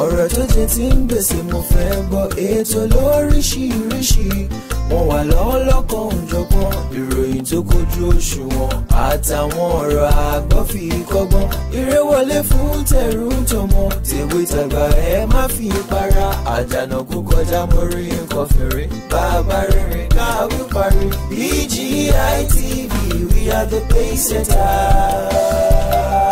ọ̀rọ̀ tó jẹ ti ń gbèsè mo fẹ́ gbọ́ ètò lóríṣiríṣi wọ́n wà lọ́wọ́ lọ́kàn òjọ̀gbọ́n ìròyìn tó kojú òṣùwọ̀n àtàwọn ọ̀rọ̀ àgbọ́ fi kọ́gbọ́n eré wọlé fún tẹ̀rù tọmọ tèwe tàgbà ẹ má fi para àdànà kú kọjá mórí nǹkan fèrè bàbá rere káwí parí BGI we are the pace setters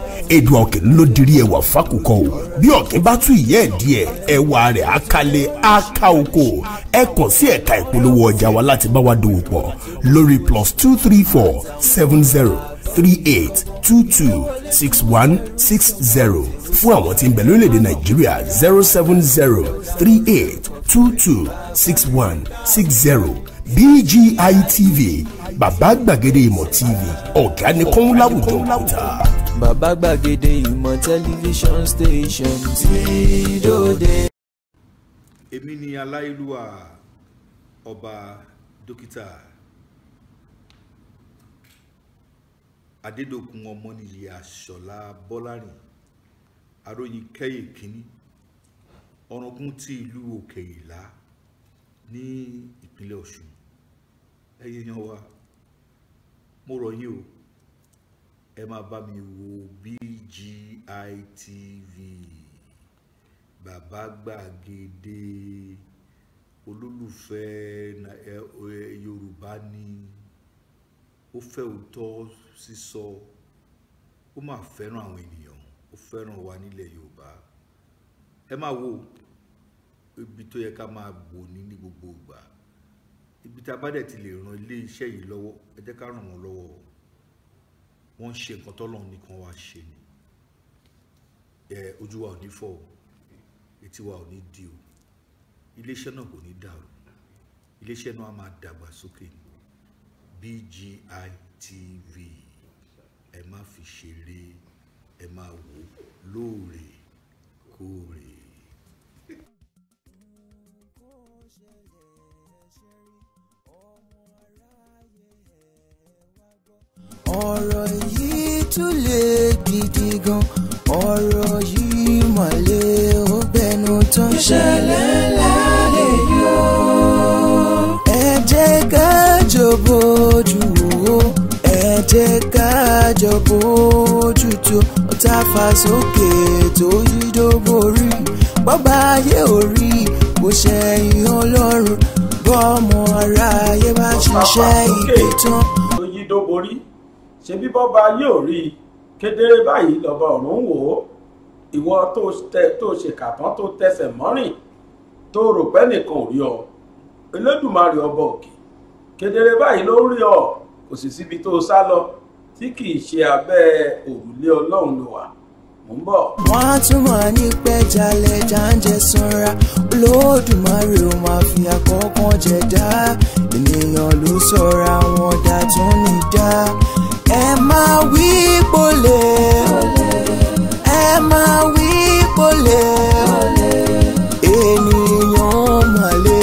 èdùn ọ̀kìn ló dirí ẹwà fákùkọ o bí ọ̀kìn bá tú ìyá ẹ̀ ẹwà rẹ̀ akalẹ̀ aka oko ẹ kàn sí ẹ̀ka ìpolówó ọjà wa láti bá wa dòwò pọ̀ lórí plus two three four seven zero three eight two two six one six zero fún àwọn tí ń bẹ lórílẹ̀ nàìjíríà zero seven zero three eight two two six one six zero BGI TV bàbá gbàgede ìmọ̀ TV ọ̀gá ni kọ́ńláwùjọ́ kùtà bàbá gbàgede ìmọ̀ tẹlifíṣọ̀n station ti dòde. èmi ni aláìlúwà ọba dókítà adédọ̀kun ọmọnìyí àṣọlá bọ́lárìn aróyin kẹ́yìn kínní ọ̀ràngún ti ìlú òkè ìlá ní ìpínlẹ̀ ọ̀ṣun ẹ̀yin yan wa mo rọ̀ yín o ẹ máa bá mi wo BGI TV bàbá gbàgede olólùfẹ́ yorùbá ni ó fẹ́ òótọ́ sísọ ó máa fẹ́ràn àwọn ènìyàn ó fẹ́ràn wa nílẹ̀ yorùbá ẹ máa wo ibi tó yẹ ká máa bò ní ní gbogbo ìgbà ibi tá a bá dẹ̀ ti lè ran ilé iṣẹ́ yìí lọ́wọ́ ẹ jẹ́ ká ràn wọ́n lọ́wọ́ o wọ́n ń ṣe nǹkan tọ́lọ́run nìkan wá ṣe ni ojú wa ò ní fọ́ o etí wa ò ní di o iléeṣẹ́ náà kò ní dàrú iléeṣẹ́ náà a máa dàgbà sókè BGI TV ẹ má fi ṣeré ẹ máa wò lóòrèkóòrè. ọ̀rọ̀ yìí tún lè gidi gan ọ̀rọ̀ yìí mọ̀lẹ́ ó bẹnu tán. ìṣẹ̀lẹ̀ ńlá lè yọ. ẹ jẹ́ ká jọ̀bọ̀ ojú wo ẹ jẹ́ ká jọ̀bọ̀ ojú tó tá a sókè tó yí dóborí bọ́bá ayé orí kò ṣẹ̀yìn ọlọ́run bọ́ọ̀mù aráyé bá ṣiṣẹ́ ìpè tán. tó yí dóborí ṣebí bọ́ba yóò rí i kedere báyìí lọ́ba ọ̀run wò ó ìwọ tó ṣèkà tán tó tẹsẹ̀ mọ́rìn tó rò pé nìkan ò rí ọ Elédùmarè ọba òkè kedere báyìí ló rí ọ kò sì síbi tó sá lọ tí kì í ṣe abẹ́ òrùlé ọlọ́run ló wà mò ń bọ̀. wọ́n á tún máa ní pẹ́ jalè jáǹjẹ sanra Olódùmarè ó máa fi àkọ́kọ́ jẹ dá ènìyàn ló sọra wọn dá tún ní dá ẹ máa wí pọ̀lẹ ẹ máa wí pọ̀lẹ ènìyàn mọ̀lẹ.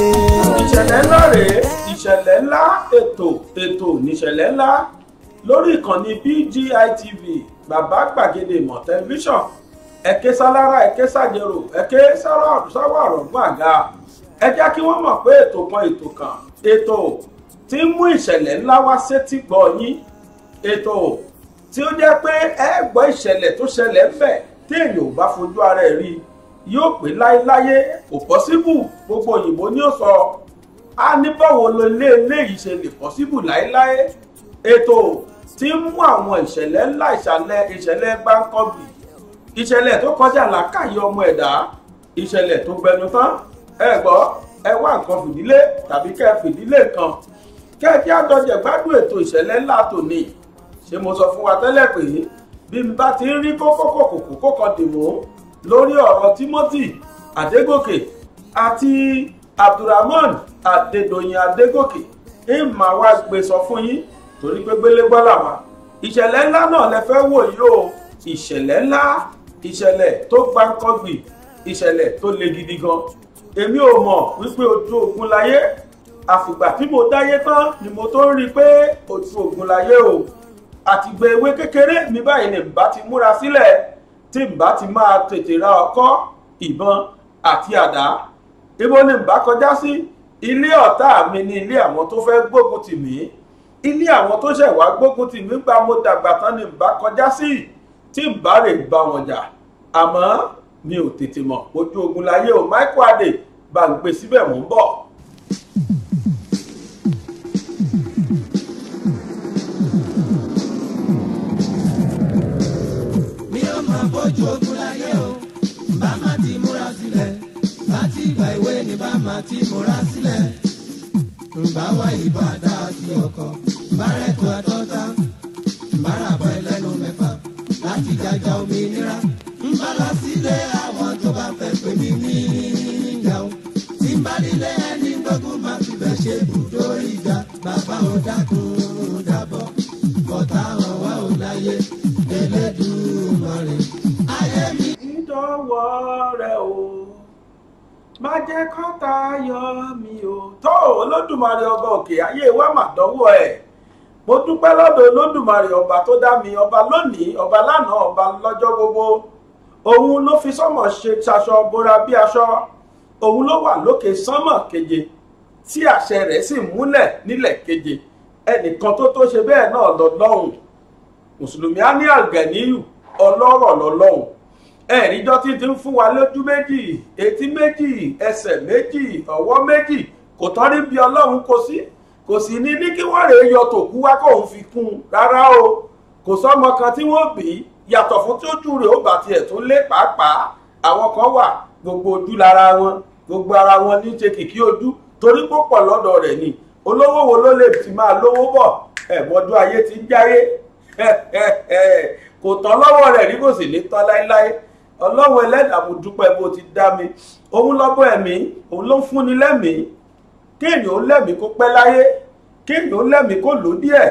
ìṣẹ̀lẹ̀ ńlá rèé ìṣẹ̀lẹ̀ ńlá ètò ètò níṣẹ̀lẹ̀ ńlá lórí ìkànnì BGI TV bàbá gbàgede ìmọ̀ tẹlifíṣàn ẹ̀kẹ́ sálára ẹ̀kẹ́ sàjẹrò ẹ̀kẹ́ sáwà ọ̀rọ̀gbọ́n àga ẹ jẹ́ kí wọ́n mọ̀ pé ètò kan ètò kan ètò tí ń mú ìṣẹ̀lẹ̀ ńlá wá sétí gbọ́ yín ètò tí ó jẹ́ pé ẹ gbọ́ ìṣẹ̀lẹ̀ tó ṣẹlẹ̀ ń bẹ̀ téèyàn ò bá fojú ara ẹ̀ rí yóò pé láéláyé kò pọ́síbù gbogbo òyìnbó ni ó sọ a ní báwo lo ilé eléyìí ṣe lè pọ́síbù láéláé ètò tí ń mú àwọn ìṣẹ̀lẹ̀ ńlá ìṣàlẹ̀ ìṣẹ̀lẹ̀ gbáǹkọ́bì ìṣẹ̀lẹ̀ tó kọjá làákàyè ọmọ ẹ̀dá ìṣẹ̀lẹ̀ tó gbẹnu tán ẹ gbọ́ ẹ wá nǹkan fìdílé tàbí kẹ́ fìdílé kan kẹ́ẹ̀kí àtọ́jẹ̀ gbádùn ètò ìṣẹ̀lẹ̀ ńlá tòní ṣé mo sọ fún wa tẹ́lẹ̀ pé bí mi bá ti ń rí kókókòkòkò kókò dìmú lórí ọ̀rọ̀ Timothy Adégòkè àti Abdulrahman Adédoyin Adégòkè ń máa wá gbé sọ fún yín torí pé gbélégbá làwà ìṣẹ̀lẹ̀ ńlá náà lẹ fẹ́ wò yìí ìṣẹ̀lẹ̀ ńlá ìṣẹ̀lẹ̀ tó gbáǹkọ́gbì ìṣẹ̀lẹ̀ tó le gidi gan èmi ò mọ̀ wípé ojú ogun láyé àfìgbà tí mo dáyé tán ni mo tó ń rí i pé ojú ogun láyé o àtìgbà ewé kékeré mi báyìí ni mbà ti múra sílẹ̀ tí mbà ti máa tètè ra ọkọ́ ìbọn àti àdá ibo ni mbà kọjá sí ilé ọ̀tá mi ni ilé àwọn tó fẹ́ gbógun tì mí ilé àwọn tó ṣẹ̀ wá gbógun tì mí gba mo dàgbà tán ni mbà kọjá sí tí mbà rè bá wọn jà àmọ́ mi ò tètè mọ̀ ojú ogun láyé o Michael Adé bá ń gbé síbẹ̀ mò ń bọ̀. jogun láyé o bá má ti múra sílẹ̀ bá ti gba ìwé ni bá má ti múra sílẹ̀ bá wá ìbọn àdá àti ọkọ̀ bá rẹ̀kọ̀ àtọ́ta bá rà bọ́ ẹlẹ́nu mẹ́fà láti jàjà òmìnira ń bá lọ sílé àwọn tó bá fẹ́ pè mí ní ìjàun tí ń bá nílé ẹni gbógun má fi bẹ́ẹ̀ ṣe bùdó ìjà bàbá ò dákun dábọ̀ kọ́tà ọ̀wá ò láyé Elédùmarè dọ́wọ́ rẹ̀ o má jẹ́ kọ́ta yọ mí o. tó olódùmarè ọba òkè ayé wa mà dánwò ẹ̀ mo dúpẹ́ lọ́dọ̀ olódùmarè ọba tó dá mi ọba lónìí ọba lánàá ọba lọ́jọ́ gbogbo òun ló fi sọ́mọ̀ ṣe ṣaṣọ bora bí aṣọ òun ló wà lókè sánmọ̀ keje tí àṣẹ rẹ̀ sì múlẹ̀ nílẹ̀ keje ẹnìkan tó tó ṣe bẹ́ẹ̀ náà lọ́lọ́hùn mùsùlùmí á ní àlùgàníyù ọlọ́rọ̀ lọ́lọ́hùn ẹ̀ríjọ́ tí ti ń fún wa lójú méjì etí méjì ẹsẹ̀ méjì ọwọ́ méjì kò tán níbi ọlọ́run kò sí kò sì ní ní kí wọ́n rèé yọ tòkú wá kóun fi kún un rárá o kò sọ́mọ kan tí wọ́n bí yàtọ̀ fún tí ojú rẹ̀ ó bà tiẹ̀ tó lé pàápàá àwọn kan wà gbogbo ojú lára wọn gbogbo ara wọn ní ṣe kìkì ojú torí púpọ̀ lọ́dọ̀ rẹ̀ ni olówó wo ló lè ti máa lówó bọ̀ ẹ̀bọ̀dún ayé ti ń jáyé kò tán lọ́wọ́ rẹ̀ rí kò sì ní tán láéláé ọlọ́run ẹlẹ́dàá mo dúpẹ́ bó ti dá mi òun lọ́bọ̀ ẹ̀mí òun ló ń fúnni lẹ́mìí kéèyàn ó lẹ́mìí kó pẹ́ láyé kéèyàn ó lẹ́mìí kó lò díẹ̀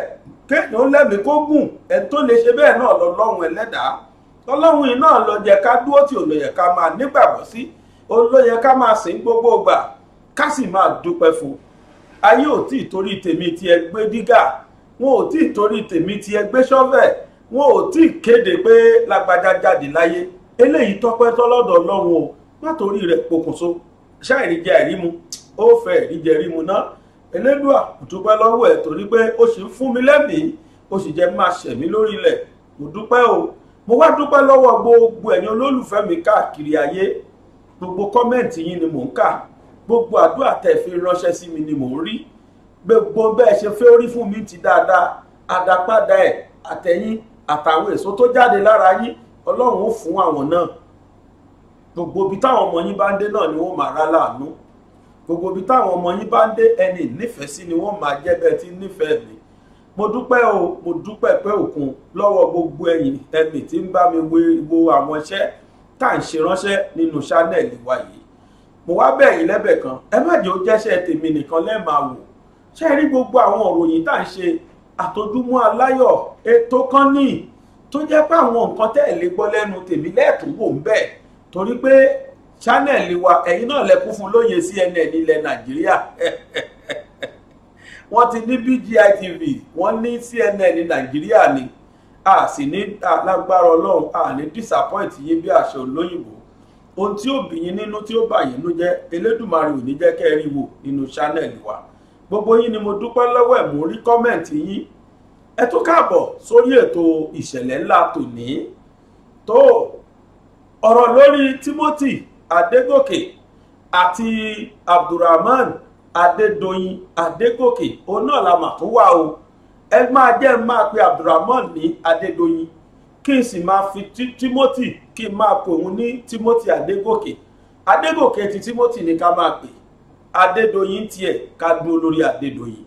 kéèyàn ó lẹ́mìí kó gùn ẹ̀ tó lè ṣe bẹ́ẹ̀ náà lọ́lọ́run ẹlẹ́dàá ọlọ́run yìí náà ló yẹ ká dúró tí òun ló yẹ ká máa nígbàgbọ́ sí òun ló yẹ ká máa sìn gbogbo gbà ká sì máa dúpẹ́ fún ayé ò tí ì torí tèmi ti ẹ gbé dígà wọn ò tí ì torí tèmi ti ẹ gbé ṣọ́fẹ̀ wọn ò tí ì kéde pé lágbájá jáde láyé eléyìí tọ́pẹ́ tọ́lọ́dọ̀ lọ́hùn o má torí rẹ̀ pokùnso ṣáìrí jẹ àrímu ó fẹ́ ẹ̀rí jẹ rímu náà elédùà kò dúpẹ́ lọ́wọ́ ẹ̀ torí pé ó sì ń fún mi lẹ́mìí ó sì jẹ́ máa ṣẹ̀mí lórí ilẹ̀ kò dúpẹ́ o mo wá dúpẹ́ lọ́wọ́ gbogbo ẹ̀yin olólùfẹ́ mi káàkiri ayé gbogbo kọ́mẹ́ǹtì yín ni mò ń kà gbogbo àdúrà tẹ̀ fi ránṣẹ́ sí mi ni mò ń rí gbogbo bẹ́ẹ̀ ṣe fẹ́ orí fún mi ti dáadáa àdápadà ẹ̀ àtẹ̀yìn àtàwọn èso tó jáde lára yín ọlọ́run ó fún àwọn náà gbogbo ibi táwọn ọmọ yín bá ń dé náà ni wọ́n máa rá láàánú gbogbo ibi táwọn ọmọ yín bá ń dé ẹni nífẹ̀ẹ́ sí ni wọ́n máa jẹ́ bẹ́ẹ̀ tí nífẹ̀ẹ́ mi mo dúpẹ́ o mo dúpẹ́ pé òkun lọ́wọ́ gbogbo ẹ̀yin ẹ̀mí tí ń bá mi wo àwọn iṣẹ́ tá à ń ṣe ránṣẹ́ nínú ṣánẹ́ẹ̀lì wa yìí mo wá bẹ̀ yín lẹ́bẹ̀ kan ẹ má jẹ́ ó jẹ́ṣẹ́ tèmi nìkan lẹ́ẹ̀ máa wò ṣé ẹ rí gbogbo àwọn òròyìn tá à ń ṣe àtọ́júmọ́ aláyọ̀ ètò kan ní tó jẹ́ pé àwọn nǹkan tẹ́ ẹ̀ lè gbọ́ lẹ́nu tèmi lẹ́ẹ̀tún wò ń bẹ̀ torí pé channel wa ẹ̀yin náà lẹ́kún fún lóye CNN ilẹ̀ Nàìjíríà wọ́n ti ní BGI TV wọ́n ní CNN Nàìjíríà ni a sì ní lágbára Ọlọ́run a ní disappoint yín bí àṣẹ olóyìnbó ohun tí ó bì yín nínú tí ó bà yín nínú jẹ́ Elédùmarè ò ní jẹ́ kẹ́ nínú channel wa gbogbo yín ni mo dúpẹ́ lọ́wọ́ ẹ̀ mo rí kọ́mẹ̀ntì yín ẹ tún káàbọ̀ sórí ètò ìṣẹ̀lẹ̀ ńlá tòní tó ọ̀rọ̀ lórí Timothy Adégòkè àti Abdulrahman Adédoyin Adégòkè òun náà la mà tó wà o ẹ máa jẹ́ ẹ máa pe Abdulrahman ní Adédoyin kí n sì máa fi Timothy kí n máa pè òun ní Timothy Adégòkè Adégòkè ti Timothy ni ká máa pè Adédoyin tiẹ̀ ká dúró lórí Adédoyin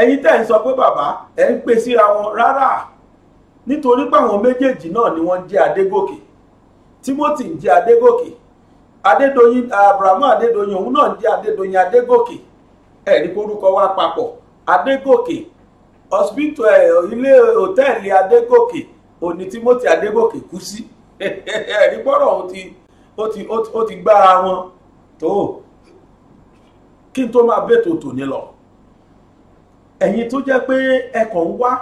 ẹ̀yin tẹ́ ń sọ pé bàbá ẹ̀ ń pè síra wọn rárá nítorí pé àwọn méjèèjì náà ni wọ́n jẹ́ Adégòkè Timothy ń jẹ́ Adégòkè Adédoyin Abrahamu Adédoyin òun náà ń jẹ́ Adédoyin Adégòkè ẹ̀rí korúkọ wá papọ̀ Adégòkè hospital ilé hòtẹ́ẹ̀lì Adégòkè òní Timothy Adégòkè kú sí ẹ̀rí gbọ́dọ̀ ó ti gbára wọn tó kí n tó máa bẹ́ẹ̀ tó tò ní lọ ẹ̀yin tó jẹ́ pé ẹ kàn ń wá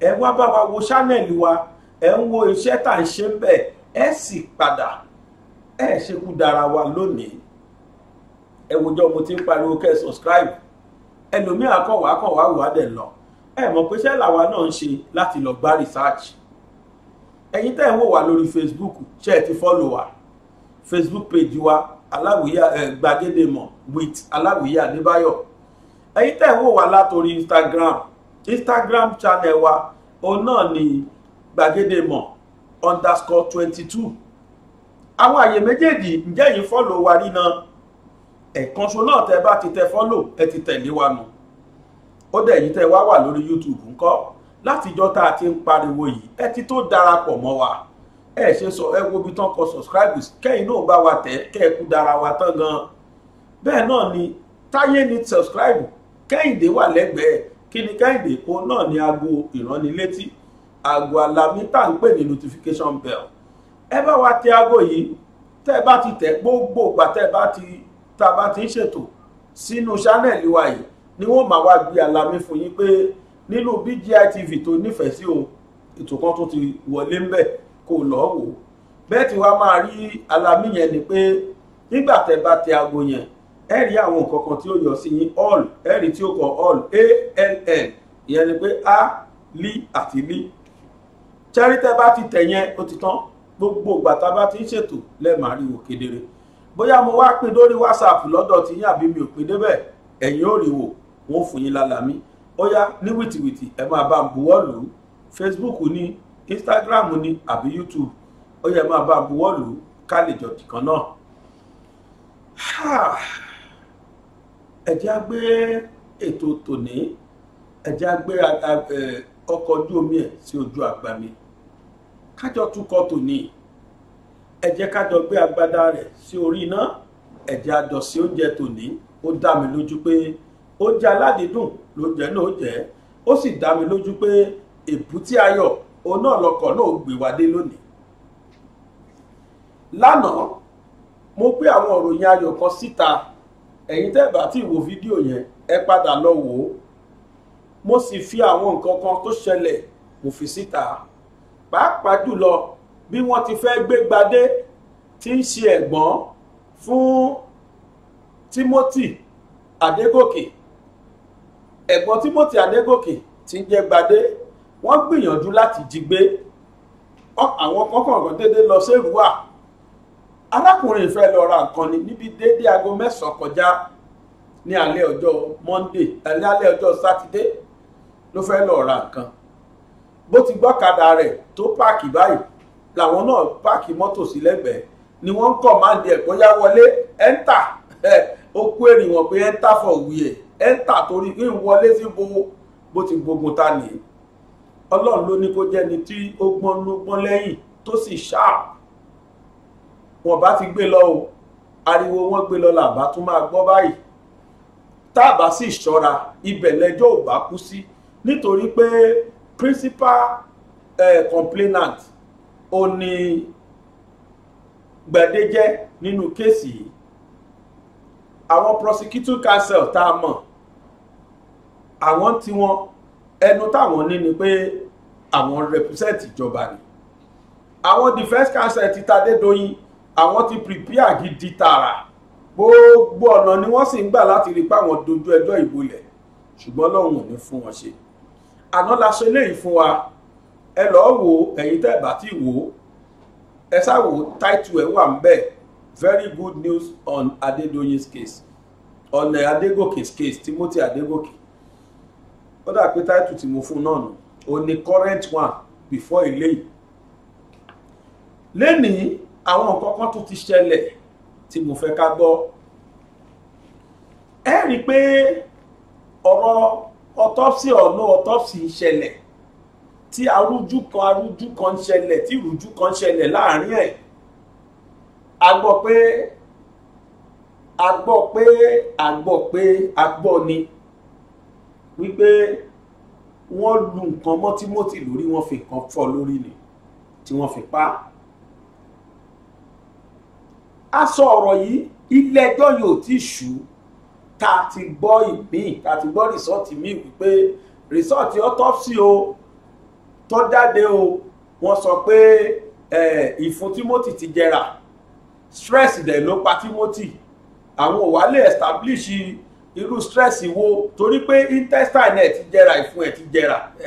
ẹ wá bá wa wo ṣánẹ́ẹ̀lì wa ẹ ń wo iṣẹ́ tá ń ṣe ń ẹ sì padà ẹ ṣekú dára wa lónìí ẹ wòjọ́ mo ti ń pariwo kẹ́ ẹ subscribe ẹlòmíà kọ̀wá kọ̀wá wà dẹ̀ lọ ẹ mọ̀ pé ṣẹ́ làwa náà ń ṣe láti lọ gbá research ẹ̀yin tẹ́ ẹ̀ ń wò wá lórí Facebook ṣe ẹ ti follow wa Facebook page wa aláwìyá ẹ gbàgede mọ̀ with aláwìyá adébáyọ̀ ẹ̀yin tẹ̀ ń wò wá látòrí Instagram Instagram channel wa òun náà ni gbàgede mọ̀ underscore twenty two àwọn àyè méjèèjì ǹjẹ́ yìí fọ́lò wa rí náà ẹ̀kanṣo náà tẹ bá ti tẹ fọ́lò ẹ ti tẹ̀lé wa nù ó dẹ̀ yìí tẹ wá wà lórí YouTube ńkọ́ látijọ́ tá a ti ń pariwo yìí ẹ ti tó darapọ̀ mọ́ wa ẹ ṣe sọ ẹ wo ibi tán kọ subscribers kẹ́yìn náà bá wa tẹ̀ kẹ́ ẹ kú dára wa tán gan bẹ́ẹ̀ náà ni táyé ní subscribe kẹ́hìndé wà lẹ́gbẹ̀ẹ́ kí ni kẹ́hìndé òun náà ni aago ìránnilétí aago alamí tá à ń pè ní notification bell ẹ bá wa tẹ aago yìí tẹ́ ẹ bá ti tẹ̀ gbogbo ìgbà tẹ́ ẹ bá ti tá a bá ti ń ṣètò sínú ṣánẹ́ẹ̀lì wa yìí ni wọ́n máa wá gbé alamí fún yín pé nínú BGI TV tó nífẹ̀ẹ́ sí o ètò kan tó ti wọlé ńbẹ̀ kó lọ́ọ́ wò bẹ́ẹ̀ tí wàá máa rí alamí yẹn ni pé nígbà tẹ́ bá tẹ aago yẹn ẹ rí àwọn nǹkan kan tí ó yọ sí yín all ẹ tí ó kọ all ann ìyẹn ni pé a lí àti lí charity bá ti tẹ̀ yẹn ó ti tán gbogbo ìgbà tá a bá ti ń ṣètò lẹ́ẹ̀máa rí wò kedere bóyá mo wá pín lórí whatsapp lọ́dọ̀ tí yín àbí mi ò pín débẹ̀ ẹ̀yin ò rí wò wọ́n fún yín lálàmí ó yá ní wìtìwìtì ẹ máa bá buwọ́ lù ú facebook ni instagram ni àbí youtube ó yẹ máa bá ń buwọ́ lù ú ká lè jọ dìkan náà ẹ̀jẹ̀ á gbé ètò tòní ẹ̀jẹ̀ á gbé ọkọ̀ ojú omi ẹ̀ sí ojú àgbàmì kájọ túkọ̀ tòní ẹ̀jẹ̀ kájọ gbé agbádá rẹ̀ sí orí iná ẹ̀jẹ̀ àjọ sí oúnjẹ tòní ó dá mi lójú pé oúnjẹ aládìídùn ló jẹ́ náà ó jẹ́ ó sì dá mi lójú pé èbúté ayọ̀ òun náà lọkọ̀ náà gbé wa dé lónìí lánàá mo gbé àwọn òròyìn ayọ̀ kan síta ẹ̀yin tẹ́ bá ti wo fídíò yẹn ẹ padà lọ wò ó mo sì fi àwọn nǹkan kan tó ṣẹlẹ̀ mo fi síta pàápàá jùlọ bí wọ́n ti fẹ́ gbé gbadé tí ń ṣe ẹ̀gbọ́n fún Timothy Adégòkè ẹ̀gbọ́n Timothy Adégòkè ti ń jẹ́ gbadé wọ́n gbìyànjú láti jí gbé àwọn kọ́kànkan déédéé lọ sí èrúwà arákùnrin ìfẹ́ lọ ra nǹkan ni níbi déédé aago mẹ́sàn-án kọjá ní alẹ́ ọjọ́ Monday alẹ́ eh, alẹ́ ọjọ́ sátidé ló fẹ́ lọ ra nǹkan bó ti gbọ́kadà rẹ̀ tó páàkì báyìí làwọn náà páàkì mọ́tò sí lẹ́gbẹ̀ẹ́ ni wọ́n ń kọ̀ máa ń di ẹ̀kọ́ yá wọlé ẹ́ńtà eh, ó kú èrè wọn pé ẹ́ńtà fọ̀ wuyẹ̀ ẹ́ńtà torí ń wọlé sí bo bó ti gbógun ta nìyí ọlọ́run ló ní kó jẹ́ni tí ó gbọ́n ló gbọ́n lẹ́yìn tó sì ṣáàpù wọn bá ti gbé lọ o ariwo wọn gbé lọ làbá tún máa gbọ́ báyìí tá a bá sì ṣọ́ra ibẹ̀ lẹ́jọ́ ò bá kú sí nítorí pé principal eh, complainant ò ní gbàdéjẹ́ nínú kéèsì yìí àwọn prosecuting counsel tá a mọ̀ àwọn tí wọ́n ẹnu táwọn ní ni pé àwọn represent ìjọba ni àwọn defence counsel ti Tadédoyin àwọn ti prepare gidi tààrà gbogbo ọ̀nà ni wọ́n sì ń gbà láti rí i pé àwọn dojú ẹjọ́ ìbolẹ̀ ṣùgbọ́n lọ́hùn ò ní fún wọn ṣe àná la ṣe léyìí fún wa ẹ lọ́ọ́ wo ẹ̀yin tẹ́ ẹ bá ti wò ó ẹ ṣáwo táìtù ẹ̀ wà ń bẹ̀ very good news on Adedoyin's case on Adegoke's case Timothy Adegoke ó dà pé táìtù tí mo fún náà nù ó ní current one before eléyìí lẹ́nìí àwọn nǹkan kan tún ti ṣẹlẹ̀ tí mo fẹ́ ká gbọ́ ẹ rí pé ọ̀rọ̀ autopsy or no autopsy ń ṣẹlẹ̀ tí arújú kan arújú kan ń ṣẹlẹ̀ tí ìrújú kan ń ṣẹlẹ̀ láàrin ẹ̀ a gbọ́ pé a gbọ́ pé a gbọ́ pé a gbọ́ ni wípé wọ́n lu nǹkan mọ́ Timothy lórí wọ́n fi nǹkan fọ́ lórí ni tí wọ́n fi pa á a sọ ọ̀rọ̀ yìí ilé ẹjọ́ yóò ti ṣù ta ti gbọ́ ìpín ta ti gbọ́ rìsọ́ọ̀tì míì wípé rìsọ́ọ̀tì autopsy o tó jáde o wọ́n sọ pé ìfun Timothy ti jẹra, stress dẹ̀ ló pa Timothy àwọn ò wá lè establish irú stress wo torí pé intestine ẹ̀ ti jẹra ìfun ẹ̀ ti jẹra.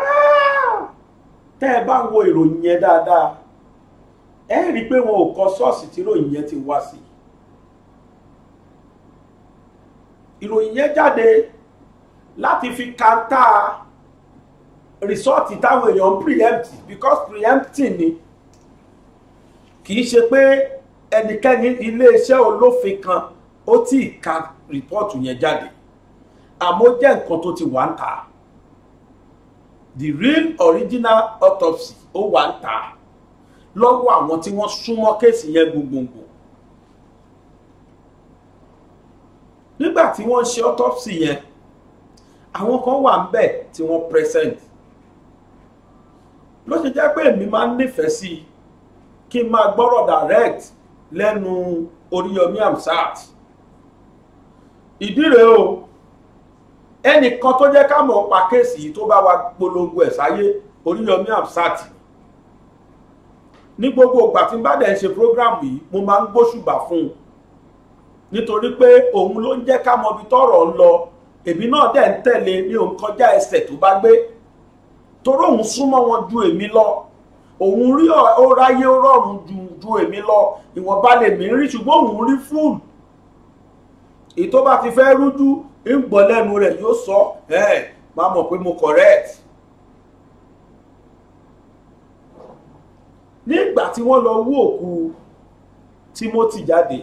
Ah! tẹ́ ẹ bá wo ìròyìn yẹn dáadáa ẹ rí i pé wọn ò kọ ṣọ́ọ̀ṣì tí ròyìn yẹn ti wá sí ìròyìn yẹn jáde láti fi kàńtà rìsọ́ọ̀tì táwọn èèyàn ń preempt because preempting ni kì í ṣe pé ẹnikẹ́ni iléeṣẹ́ olófin kan ó tí ì ka rìpọ́ọ̀tù yẹn jáde àmọ́ jẹ́ nǹkan tó ti wà ń ta the real original autopsy ó wà ń ta lọ́wọ́ àwọn tí wọ́n súnmọ́ kéèsì yẹn gbogbogbò nígbà tí wọ́n ṣe autopsy yẹn àwọn kan wà ń bẹ̀ tí wọ́n present ló ṣe jẹ́ pé èmi máa ń nífẹ̀ẹ́ sí i kí n máa gbọ́rọ̀ direct lẹ́nu Oríyọmí Hamzat ìdí rèé o ẹnìkan tó jẹ́ ká mọ̀ pa kéèsì yìí tó bá wa polongo ẹ̀ sáyé Oríyọmí Hamzat ní gbogbo ìgbà tí n bá dẹ̀ ń ṣe program yìí mo máa ń gbóṣùbà fún un nítorí pé òun ló ń jẹ́ ká mọ ibi tọ́rọ̀ ń lọ èmi náà dẹ̀ ń tẹ̀lé mi ò ń kọjá ẹsẹ̀ tó bá gbé torí òun súnmọ́ wọn ju èmi lọ òun rí ó rọrùn ju ju èmi lọ ìwọ̀nba lè mí rí ṣùgbọ́n òun rí fúùlù èyí ti fẹ́ rújú ń gbọ́ lẹ́nu rẹ̀ yóò sọ ẹ̀ máa mọ̀ pé mo correct nígbà tí wọ́n lọ wú òkú Timothy jáde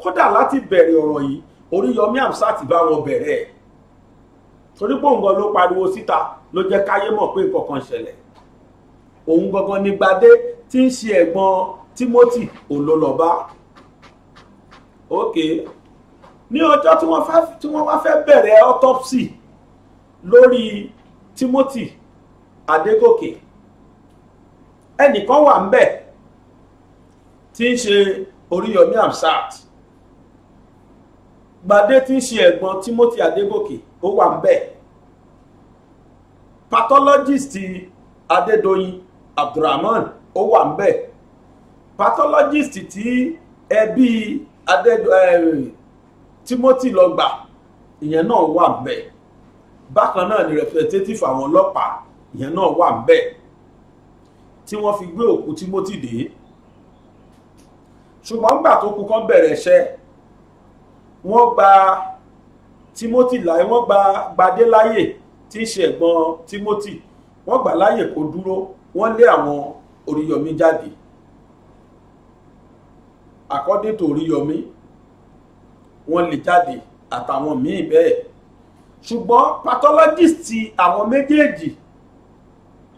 kódà láti bẹ̀rẹ̀ ọ̀rọ̀ yìí Oríyọmí Hamzat bá wọn bẹ̀rẹ̀ ẹ̀ torí pé òun gan ló pariwo síta ló jẹ́ káyé mọ̀ pé nǹkan kan ṣẹlẹ̀ òun gangan ni Gbadé tí ń ṣe ẹ̀gbọ́n Timothy olólọ́ba ok ní ọjọ́ tí wọ́n wá fẹ́ bẹ̀rẹ̀ autopsy lórí Timothy Adégòkè ẹnìkan wà ń bẹ̀ tí ń ṣe Oríyọmí Hamzat Gbadé tí ń ṣe ẹ̀gbọ́n Timothy Adégòkè ó wà ń bẹ̀ pathologist Adédoyin Abdulrahman ó wà ń bẹ̀ pathologist tí ẹbí eh, Timothy lọ gbà ìyẹn náà wà ń bẹ̀ bákan náà ni representative àwọn ọlọ́pàá ìyẹn náà wà ń bẹ̀ tí wọ́n fi gbé òkú Timothy dé ṣùgbọ́n nígbà tó kú kan bẹ̀rẹ̀ iṣẹ́ wọ́n gba Timothy láyè wọ́n gba gbadé láyè tí ń ṣe ẹ̀gbọ́n Timothy wọ́n gbà láyè kó dúró wọ́n lé àwọn Oríyọmí jáde according to Oríyọmí wọ́n lè jáde àtàwọn míì bẹ́ẹ̀ ṣùgbọ́n pathologist àwọn méjèèjì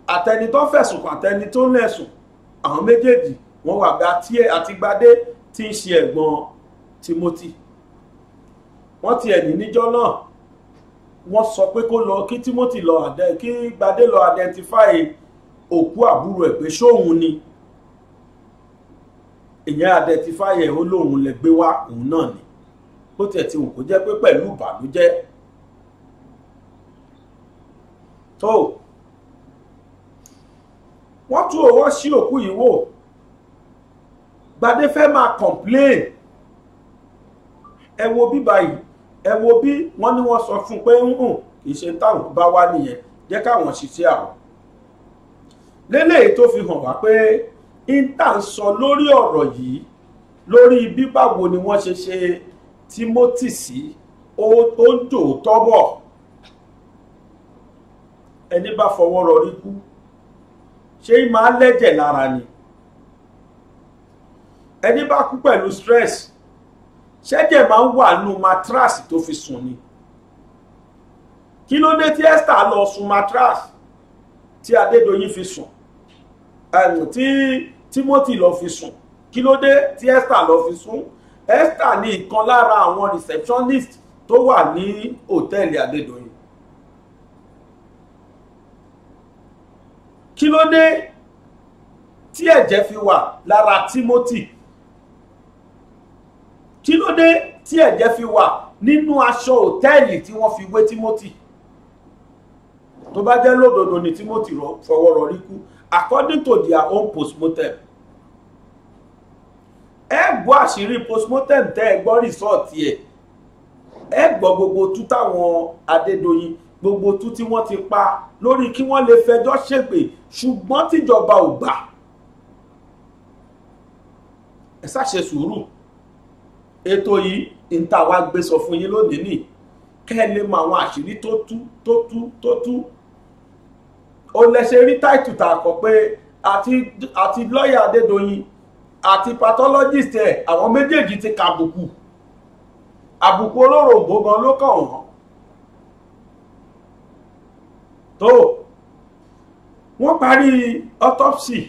àtẹni tó fẹ̀sùn kàn àtẹni tó lẹ̀sùn àwọn méjèèjì wọ́n wà gba tiẹ̀ àti gbadé tí ń ṣe ẹ̀gbọ́n Timothy wọ́n tiẹ̀ ní níjọ́ náà wọ́n sọ pé kó lọ kí Timothy lọ àdẹ kí gbadé lọ identify òkú àbúrò ẹ̀ pé ṣóun ni ìyẹn identify ẹ̀ ó lóun lè gbé wá òun náà ni bó tiẹ̀ ti wù kó jẹ́ pé pẹ̀lú ìbànújẹ́ tó. So, wọ́n tún ọwọ́ sí òkú yìí wò gbadé fẹ́ máa complain ẹ wo bí báyìí ẹ wo bí wọ́n ní wọ́n sọ fún un pé ń hùn ìṣe táwọn bá wá nìyẹn jẹ́ káwọn ṣiṣẹ́ àwọn lélẹ́yìí tó fi hàn wá pé inter ń sọ lórí ọ̀rọ̀ yìí lórí bíbáwo ni wọ́n ṣe ṣe Timothy sí ó ń dòótọ́ bọ̀ ẹni bá fọwọ́ rọrí kú ṣé í máa lẹ́jẹ̀ lára ni ẹni bá kú pẹ̀lú stress ṣẹ́jẹ̀ máa ń wà nù matras tó fi sùn ni kí ló dé tí Esther lọ sùn matras tí Adédoyin fi sùn tí Timothy lọ fi sùn kí ló dé tí Esther lọ fi sùn Esther ní ìkan lára àwọn receptionist tó wà ní hòtẹ́ẹ̀lì Adédoyin kí ló dé tí ẹ̀jẹ̀ fi wà lára Timothy kí ló dé tí ẹ̀jẹ̀ fi wà nínú aṣọ òtẹ́ẹ̀lì tí wọ́n fi wé Timothy tó bá jẹ́ lódodo ni Timothy fọwọ́ rọrí kú according to their own postmortem ẹ gbọ́ àṣírí postmortem tẹ́ ẹ gbọ́ rìsọ́ọ̀tì ẹ̀ ẹ gbọ́ gbogbo tú táwọn gbogbo tú tí wọ́n ti pa lórí kí wọ́n lè fẹjọ́ ṣègbè ṣùgbọ́n tíjọba ò gbà ẹ ṣàṣe sùúrù ètò yìí níta wá gbé sọ fún yín lónìí nì kẹ́ ẹ lè mọ àwọn àṣírí tó tú tó tú tó tú ó lẹ́sẹ̀ rí táìtù tà kọ́ pé àti àti lọ́ọ̀yà Adédoyin àti pathologist ẹ̀ àwọn méjèèjì ti kàbùkù àbùkù olóròǹbó gan ló kàn wọ́n o wọ́n parí autopsy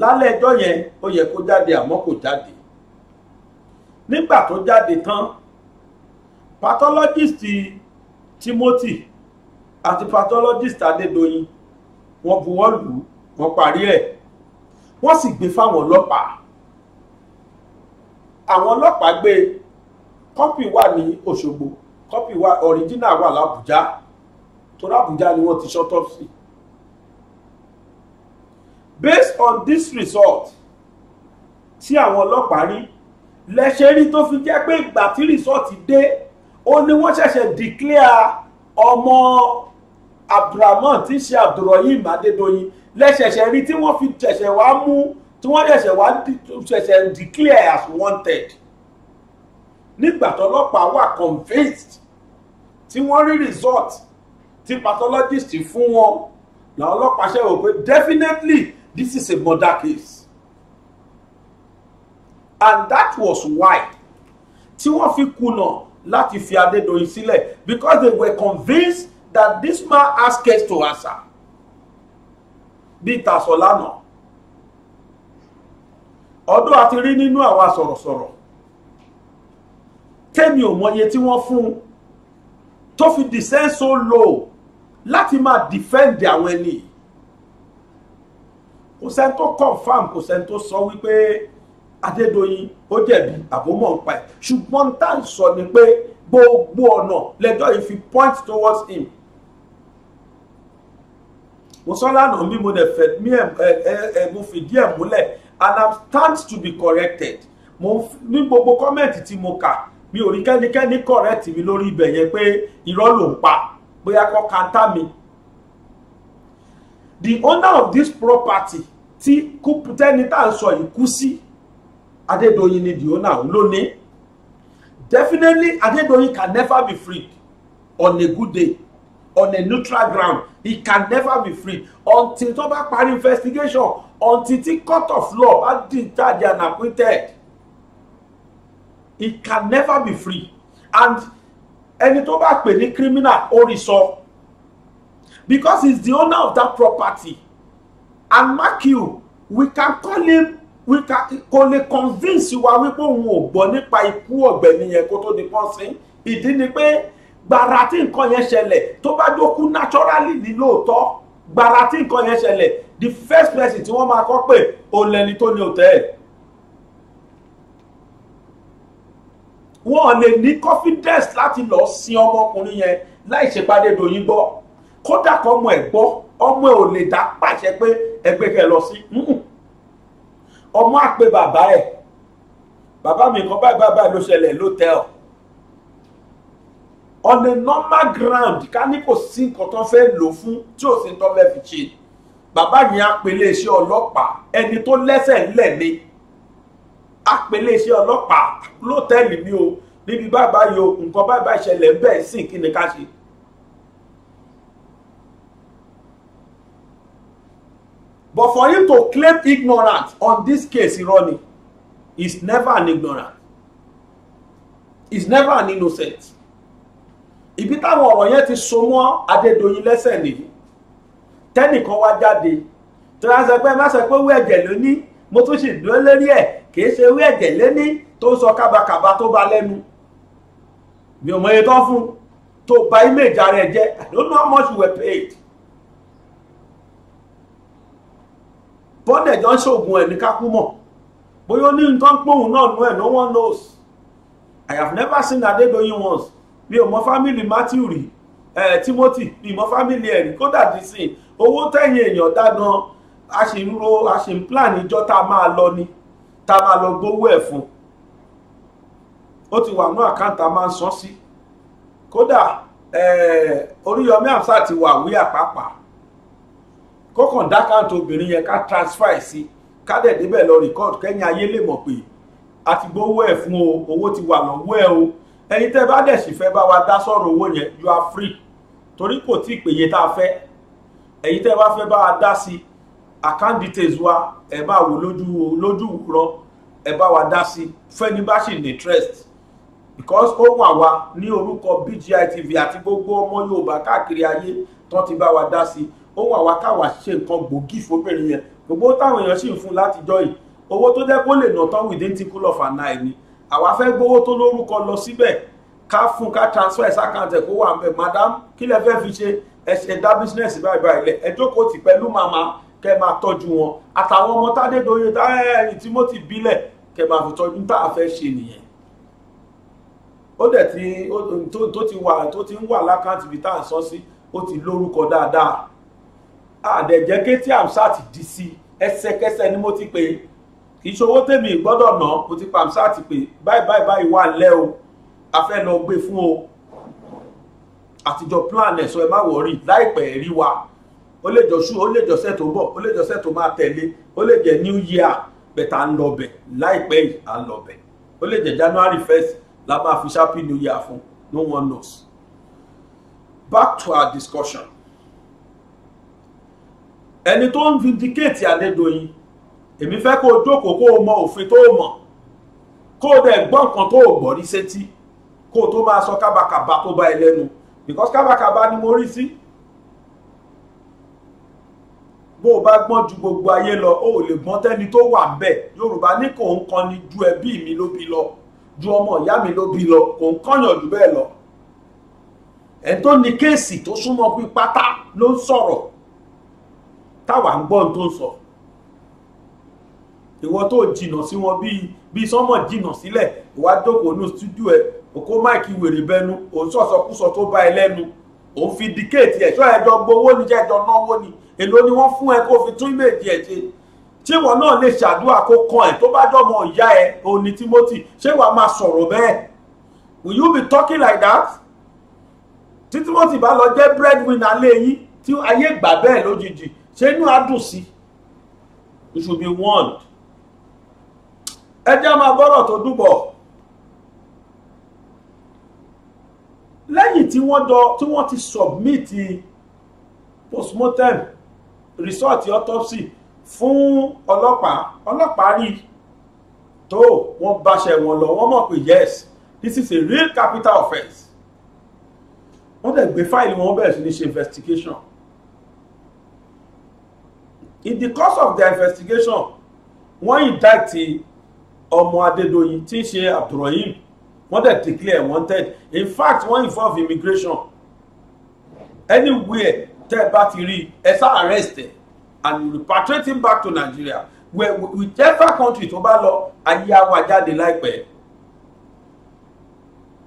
lálẹ́ ẹjọ́ yẹn ó yẹ kó jáde àmọ́ kò jáde nígbà tó jáde tán pathologist Timothy àti pathologist Adédoyin wọ́n buwọ́ lù ú wọ́n parí ẹ̀ wọ́n sì gbé fáwọn ọlọ́pàá àwọn ọlọ́pàá gbé kọ́pì wà ní Òṣogbo kọ́pì wà ọ̀ríjínà wà l'Àbújá torí Àbújá ni wọ́n ti ṣọ́tọ̀ sí. based on this result tí àwọn ọlọ́pàá rí lẹ́ṣẹ̀ rí tó fi jẹ́ pé ìgbà tí result dé ó ní wọ́n ṣẹ̀ṣẹ̀ declare ọmọ abdulrahman tí í ṣe abdulrahim adédọyìn lẹ́ṣẹ̀ṣẹ̀ rí tí wọ́n fi ṣẹ̀ṣẹ̀ wá mú tí wọ́n ṣẹ̀ṣẹ̀ wá ṣẹ̀ṣẹ̀ declare as wanted nígbà tọ́lọ́pàá wà convinced tí wọ́n rí result tí pathologist fún wọn làwọn ọlọ́pàá ṣe wò pé definitely this is a murder case and that was why tí wọ́n fi kùnà láti fi Adédoyin sílẹ̀ because they were convinced that this man has case to answer bí ìtàsọ̀ lánàá ọdún àti rí nínú àwa sọ̀rọ̀sọ̀rọ̀ tẹ́mi ò mọye tí wọ́n fún tó fi descend so low láti máa defend àwọn ẹni kò sẹ́ni tó confam kò sẹ́ni tó sọ wípé Adédoyin ó jẹ̀bi àbómọ̀ ń pa ẹ̀ ṣùgbọ́n tá à ń sọ ni pé gbogbo ọ̀nà lẹ́jọ́ yìí fi point towards him mo sọ lánàá bí mo dẹ̀ fẹ́ mi ẹ̀ ẹ̀ mo fìdí ẹ̀ múlẹ̀ and i'm stand to be corrected mo ní gbogbo kọ́mẹ̀ntì tí mo kà mi ò rí kẹ́nikẹ́ni correct mi lórí ibẹ̀ yẹn pé irọ́ ló ń pa bóyá kọ́ kàńtà mi the owner of this property tí tẹ́ni tá à ń sọ yìí kú sí Adédoyin ni the owner òun ló ní definitely Adédoyin can never be free on a good day on a neutral ground he can never be free until tó bá parí investigation until tí court of law bá discharge and acquitted he can never be free and ẹni tó bá pè ní criminal ó rí sọ because he's the owner of that property and mark you we can call him we can kò lè convince wa wípé òun ò gbọ́ nípa ikú ọ̀gbẹ́ni yẹn kó tó di pọ́n sí ìdí ni pé gbàrà tí nǹkan yẹn ṣẹlẹ̀ tó bá jókú naturally ní lóòótọ́ gbàrà tí nǹkan yẹn ṣẹlẹ̀ the first person tí wọ́n máa kọ́ pé òun lẹni tó ní hòtẹ́ẹ̀lì wọn lè ní confidence láti lọ sin ọmọkùnrin yẹn láì ṣèpàdé Doyin gbọ́ kódà kọ́ ọmọ ẹ̀ gbọ́ ọmọ ẹ̀ ò lè dá pàṣẹ pé ẹgbẹ́ kẹ lọ sí ọmọ àpè bàbá ẹ̀ bàbá mi kan báyìí báyìí ló ṣẹlẹ̀ lótẹ́ọ̀ on a normal ground ká ní kò sí nǹkan tó fẹ́ lò fún tí ò sí tó fẹ́ fi ṣe bàbá yẹn á pe iléeṣẹ́ ọlọ́pàá ẹni tó lẹ́sẹ̀ ńlẹ̀ ni àpèlé iṣẹ́ ọlọ́pàá lọ́tẹ̀lì mi o níbi bàbá yo nǹkan bàbá ìṣẹ̀lẹ̀ ń bẹ̀ sí kí ni ká ṣe. But for him to claim ignorance on this case irọ́ ni is never an ignorant is never an innocent ibi táwọn ọ̀rọ̀ yẹn ti so mọ́ Adédoyin lẹ́sẹ̀ nìyí tẹ́nìkan wá jáde tí wọ́n á sọ pé má sọ pé owó ẹ̀jẹ̀ ló ní mo tún sì dúró lórí ẹ̀ kìí ṣe ewé ẹ̀jẹ̀ lẹ́ni tó sọ kábàkàbà tó bá lẹ́nu mi ò mọ iye fún tó ba image ara ẹ̀ jẹ́ I don't know how much you were paid. bọ́dẹ̀ jọ ń ṣoògùn ẹ̀ ní kákú mọ̀ bóyá ó ní nǹkan pòun náà nú ẹ̀ no one knows I have never seen Adédoyin once mi ò mọ fámìlì Matthew rí ẹ̀ Timothy mi ò mọ fámìlì ẹ̀ rí kódà dì sí owó tẹ̀yìn èèyàn dá gan a sì ń ro a sì ń plan ìjọ tá a máa lọ ni tá a máa lọ gbowó ẹ̀ fún ó ti wà ní àkáǹtì a máa ń san sí kódà Oríyọmí Hamzat ti wà wíyà pàápàá kókàn dákàǹtì obìnrin yẹn ká transfer ẹ̀ sí ká dẹ̀ débẹ̀ lọ record kẹ́yìn ayé lè mọ̀ pé àti gbowó ẹ̀ fún o owó ti wà lọ́wọ́ ẹ̀ o ẹni tẹ́ bá dẹ̀ sì fẹ́ bá wa dá sọ̀rọ̀ owó yẹn you are free torí kò tí ì péye tá a fẹ́ ẹ̀yin tẹ́ bá fẹ́ bá wa dá sí i account details wa ẹ bá wo lójú lójú ràn ẹ bá wa dá sí fẹ́ni bá sì ní interest because ó wà wá ní orúkọ BGI TV àti gbogbo ọmọ Yorùbá káàkiri ayé tán ti bá wa dá sí ó wà wá káwa ṣe nǹkan gbòógì fóbìnrin yẹn gbogbo táwọn èèyàn sì ń fún látijọ́ yìí owó tó jẹ́ kó lè nà tán within tickle of an eye ni àwa fẹ́ gbowó tó lórúkọ lọ síbẹ̀ ká fún ká transfer ẹ̀sà kan tẹ̀ kó wà ń bẹ̀ madam kí lẹ fẹ́ fi ṣe ẹ̀ṣẹ̀ dá business báyìí báyìí lẹ̀ ẹ jókòó tì pẹ̀lú màmá kẹ́ máa tọ́jú wọn àtàwọn ọmọ tádédoyin táyẹ̀yìn timothy bílẹ̀ kẹ́ máa fi tọ́jú tá a fẹ́ ṣe nìyẹn ó dẹ̀ ti tó ti wà tó ti ń wà lákàntì bí tá à ń sọ sí ó ti lórúkọ dáadáa àdẹ̀jẹ́ kétí amsat di sí ẹsẹ̀kẹsẹ̀ ni mo ti pè kì í ṣowó tèmi gbọ́dọ̀ ná mo ti pa amsat pé báyìí báyìí báyìí wà lẹ́ o a fẹ́ lọ gbé fún o àtijọ́ plan ẹ̀ sọ ẹ má wọrí láìpẹ́ rí wa ó lè jọ ṣú ó lè jọ sẹ́ẹ̀ tó ń bọ̀ ó lè jọ tó máa tẹ̀lé ó lè jẹ́ new year bẹ̀tà ń lọ bẹ̀ láìpẹ́ yìí à ń lọ bẹ̀ ó lè jẹ́ january first la máa fi happy new year fún no one knows. back to our discussion ẹni tó ń vindicate àlejò yìí èmi fẹ́ kó o jókòó kó o mọ òfin tó o mọ̀ kó o dẹ̀ gbọ́ nǹkan tó o gbọ́ ní sétí kó o tó máa sọ kábàkàbà tó bá ẹ lẹ́nu because kábàkàbà ni mo rí sí. Si bó o bá gbọ́n ju gbogbo ayé lọ o ò lè gbọ́n tẹ́ni tó wà ńbẹ̀ yorùbá ní kò ń kan ni ju ẹbí mi ló bí lọ ju ọmọ ìyá mi ló bí lọ kò ń kọ́yàn jù bẹ́ẹ̀ lọ ẹni tó ní kéèsì tó súnmọ́ bíi pátá ló ń sọ̀rọ̀ táwa ń gbọ́n tó ń sọ ìwọ tó jìnnà sí wọn bíi bíi sọmọ jìnnà sílẹ̀ ìwà jókòó nù stúdíò ẹ òkó máìkì wèrè bẹnu òun sọ̀sọ̀kúsọ tó bá ẹ lẹ́nu òun fi díkéètì ẹ̀ sọ ẹjọ́ gbowó ni jẹ́jọ́ náwó ni èló ni wọ́n fún ẹ kó fi tún ìmẹ̀jì ẹ̀ ṣe ṣé náà lè ṣàdúrà kó kan ẹ tó bá dọmọ ìyá ẹ òní Timothy ṣé ìwà máa sọ̀rọ̀ bẹ́ẹ̀ will you be talking like that tí Timothy bá lọ jẹ́ breadwinner lẹ́yìn tí ayé gbà bẹ́ẹ̀ lójijì ṣé inú á dùn sí you should be warned ẹ jẹ́ máa bọ́rọ̀ tó dúbọ̀ lẹ́yìn tí wọ́n ti submit postmortem rìsọ́ọ̀tì autopsy fún ọlọ́pàá ọlọ́pàá rí tó wọ́n báṣẹ wọn lọ wọ́n mọ̀ pé yes this is a real capital offence wọ́n dẹ̀ gbé fáìlì wọn bẹ̀rẹ̀ sí ní ṣe investigation in the course of their investigation wọ́n indict ọmọ Adédoyin tí í ṣe Abdulrahim wọ́n dẹ̀ declare wanted in fact wọ́n involve immigration anywhere tẹ́ ẹ bá ti rí ẹ sá arrest ẹ and you repatriate him back to Nigeria where whichever country tó bá lọ ayé àwa jáde láìpẹ́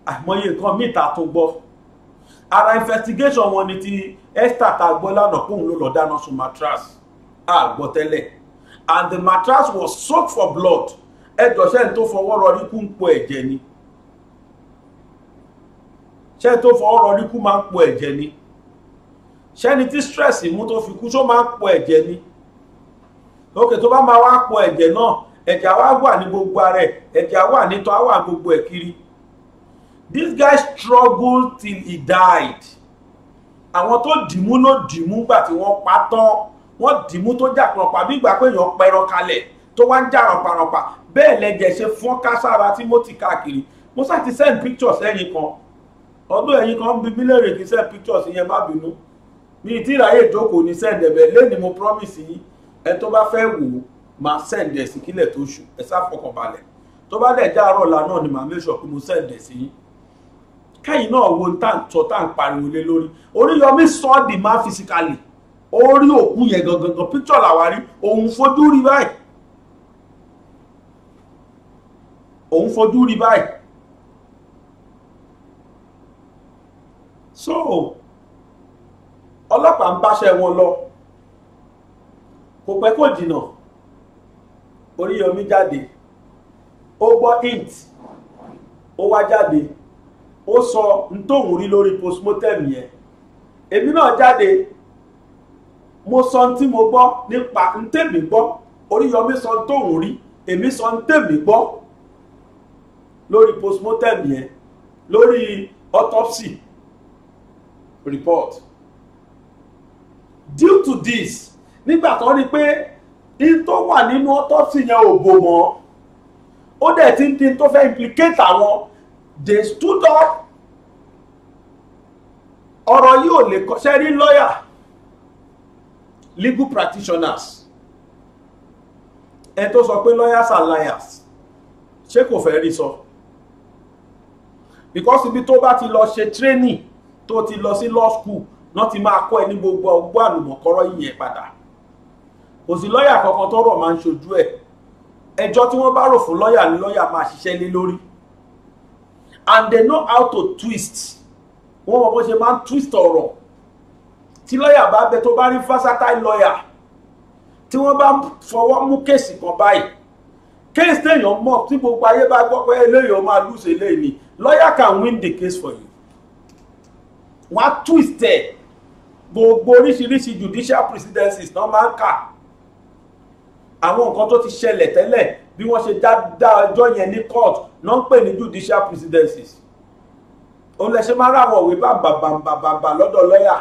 àìmọye nǹkan míì ta tó gbọ́ ara investigation wọn ni ti Esther ta gbọ́ lánàá kóun ló lọ dáná sun matras àgbọ́ tẹ́lẹ̀ and the matras was soaked for blood ẹjọ́ sẹ́ni tó fọwọ́ rọrí kú ń po ẹ̀jẹ̀ ni sẹ́ni tó fọwọ́ rọrí kú máa ń po ẹ̀jẹ̀ ni ṣẹ́ni tí stress mú tó fi kú tó máa ń pọ ẹ̀jẹ̀ ni lókè tó bá máa wá pọ ẹ̀jẹ̀ náà ẹ̀jẹ̀ wá wà ní gbogbo ara ẹ̀jẹ̀ wà nítọ́ wà gbogbo ẹ̀ kiri this guy struggled till he died àwọn tó dìímú ló dìímú gbà tí wọ́n pa tán wọ́n dìímú tó jà pọ̀npà bí ìgbà pé èèyàn pẹran kalẹ̀ tó wá ń jà rànpàrànpà bẹ́ẹ̀ lẹ́jẹ̀ ṣe fọ́n ká sára Timothy káàkiri mo sá ti send pictures ẹ̀yìn kan ọdún ẹ̀yìn kan bí mílíọ̀nù kì í send pictures ìyẹn má bínú mi ti ráyè jókòó ní sẹ́ǹdẹ̀bẹ̀ lẹ́ni mo promise yín ẹ tó bá fẹ́ wò ó máa sẹ́ǹdẹ̀ sí kílẹ̀ tó ṣù ẹ sáfọkàn balẹ̀ tó bá dẹ̀ já àárọ̀ la náà ni màá make sure pé mo sẹ́ǹdẹ̀ sí yín kẹ́yìn náà wo tá à ń sọ tá à ń pariwo lé lórí Oríyọmí sọ ọ́ di má fisikali ó rí òkú yẹn gangan picture làwa rí òun fojú rí báyìí òun fojú rí báyìí so ọlọ́pàá ń báṣẹ́ wọn lọ kò pẹ́ kò jìnnà Oríyọmí jáde ó gbọ́ int ó wá jáde ó sọ ntóhùn rí lórí postmortem yẹn èmi náà jáde mo sọ ntí mo gbọ́ nípa ntèmi gbọ́ Oríyọmí sọ ntóhùn rí èmi sọ ntèmi gbọ́ lórí postmortem yẹn lórí autopsy report due to this nígbà tó rí pé in tó wà nínú autopsy yẹn ò bò mọ́ ó dẹ̀ ti ń di tó fẹ́ implicate àwọn they stood up ọ̀rọ̀ yìí ò lè kọ́ṣẹ́ rí lọ́yà legal practitioners ẹ tó sọ pé lawyers are liars ṣé kò fẹ́ rí sọ because ibi tó bá ti lọ ṣe training tó ti lọ sí law school wọ́n ti máa kọ́ ẹ ní gbogbo ọgbọ́n àlùmọ̀kọ́rọ́ yìnyẹn padà kò sí lọ́ọ̀yà kankan tọ́rọ̀ máa ń ṣojú ẹ̀ ẹjọ́ tí wọ́n bá rò fún lọ́ọ̀yà ni lọ́ọ̀yà máa ṣiṣẹ́ lé lórí and they know how to twist wọ́n mọ bó ṣe máa ń twist ọ̀rọ̀ tí lọ́ọ̀yà bá bẹ tó bá rí versatile lọ́ọ̀yà tí wọ́n bá fọwọ́ mú kéèsì kan báyìí kéèsì téèyàn mọ̀ tí gbogbo ayé bá gbọ́ pé eléyìí ó máa lùsè léyìí ni lọ́ọ̀yà can win the case for you wọ́n á twist ẹ̀ gbogbo oríṣiríṣi judicial presidencies náà máa ń kà àwọn nǹkan tó ti ṣẹlẹ̀ tẹ́lẹ̀ bí wọ́n ṣe dá ẹjọ́ yẹn ní court náà ń pè ní judicial presidencies òun lẹ ṣe máa rà àwọn òwe bàbàbàbàbà lọ́dọ̀ lọ́yà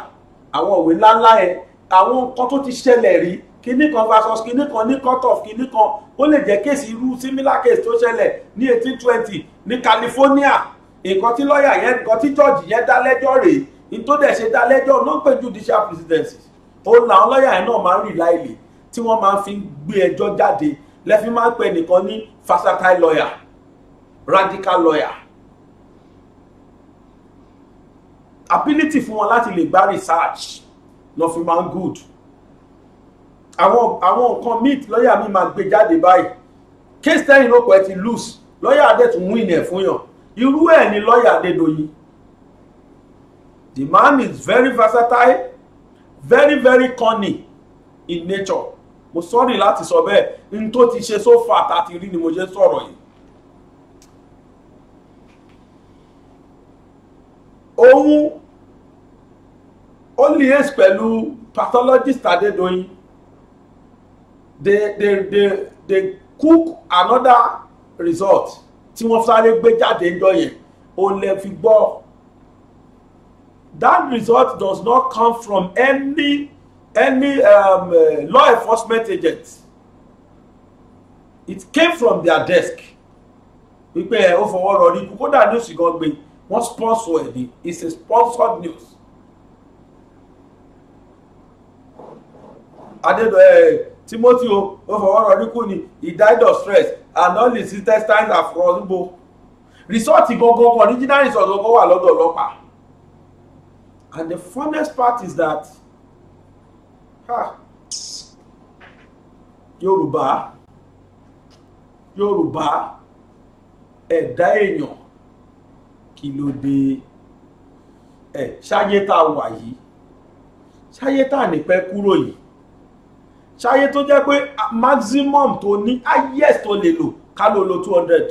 àwọn òwe ńláńlá yẹn àwọn nǹkan tó ti ṣẹlẹ̀ rí kinní kan versus kinní kan ní court of kinní kan ó lè jẹ́ kéèsì irú similar case tó ṣẹlẹ̀ ní eighteen twenty ní California nǹkan tí lọ́yà yẹn nǹkan tí jọ́ọ̀jì yẹn dá lẹ́jọ́ rèé ìtòdẹ̀ ṣe dá lẹ́jọ́ ló pè judicial presidency òun làwọn lọ́ọ̀yà yẹn náà máa ń rì láìlè tí wọ́n máa fi ń gbé ẹjọ́ jáde lẹ́fí máa ń pè nìkan ní versatile lawyer radical lawyer ability fún wọn láti lè gba research lọ fi máa ń good àwọn àwọn nǹkan meet lọ́ọ̀yà mi máa gbé jáde báyìí case ten ìlọ́pọ̀ ẹ ti loose lọ́ọ̀yà adẹ́tùn win ẹ̀ fún yàn irú ẹ̀ ni lọ́ọ̀yà adédoyin The man is very versatile, very very cunning in nature. Mo sọ́ọ̀rì láti sọ bẹ́ẹ̀ n tó ti ṣe so far àtàtì rí ni mo ṣe sọ̀rọ̀ yìí. Òun ó liaise pẹ̀lú pathologist Adedoyin. They they they they cook another result tí wọ́n sáré gbé jáde ńjọ́ yẹn. Òun lè fi gbọ́ that result does not come from any any um, uh, law enforcement agent it came from their desk wípé ẹ ó fọwọ́ rọ rí kódà news gan gbé wọ́n sponsor ẹ̀ ní it's a sponsored news. adédọ̀ẹ́ Timothy o ó fọwọ́ rọ rí kú ni he died of stress and all his intestines are frozen bo. result gangan original result gangan wà lọ́dọ̀ ọlọ́pàá And the funnest part is that ha, Yoruba, Yorùbá ẹ̀dá èèyàn kí ló dé ẹ̀ ṣáyé tá a wà yìí ṣáyé tá a nípẹ́ kúrò yìí ṣáyé tó jẹ́ pé maximum tó ní highest tó lè lò ká ló lo two hundred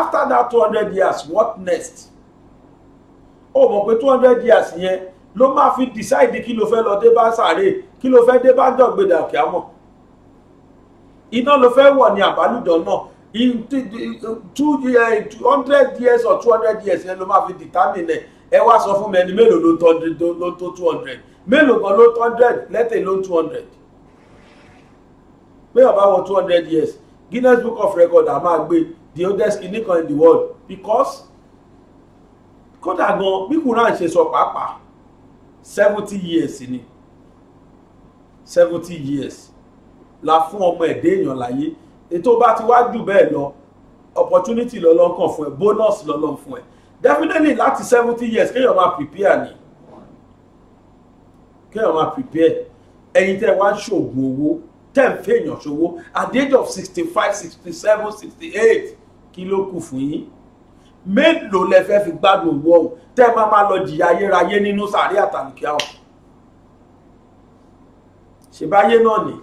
after that two hundred years what next? ó mọ̀ pé two hundred years yẹn ló máa fi decide kí ló fẹ́ lọ dé bá sàárè kí ló fẹ́ dé bá dọ̀gbẹ̀dà kíámọ̀ iná ló fẹ́ wọ̀ ní àbálùdọ̀ náà in two eh, hundred years or two hundred years yẹn ló máa fi determine ẹ wá sọ fún mi ẹni mélòó ló tó two hundred mélòó kan ló two hundred lẹ́tẹ̀ ló two hundred pé ọba wọ two hundred years Guinness Book of Record a máa gbé the oldest kìnnìkan in the world because kódà gan bí Quran ṣe sọ pàápàá seventy years ni seventy years la fún ọmọ ẹ̀dẹ́ èèyàn láyé ètò bá ti wá jù bẹ́ẹ̀ lọ opportunity lọ́lọ́ kàn fún ẹ bonus lọ́lọ́ fún ẹ definitely láti seventy years kéèyàn máa prepare ni kéèyàn máa prepare ẹ̀yin tẹ́ wá ń ṣoògùn owó tẹ́ ń fèèyàn ṣòwò at the age of sixty five sixty seven sixty eight kí ló kù fún yín mélòó lẹ fẹ́ fi gbádùn owó ọ̀hún tẹ́ máa máa lọ jìyà ayérayé nínú sàárè àtàlùkíá ọ̀hún ṣèbáyé náà ni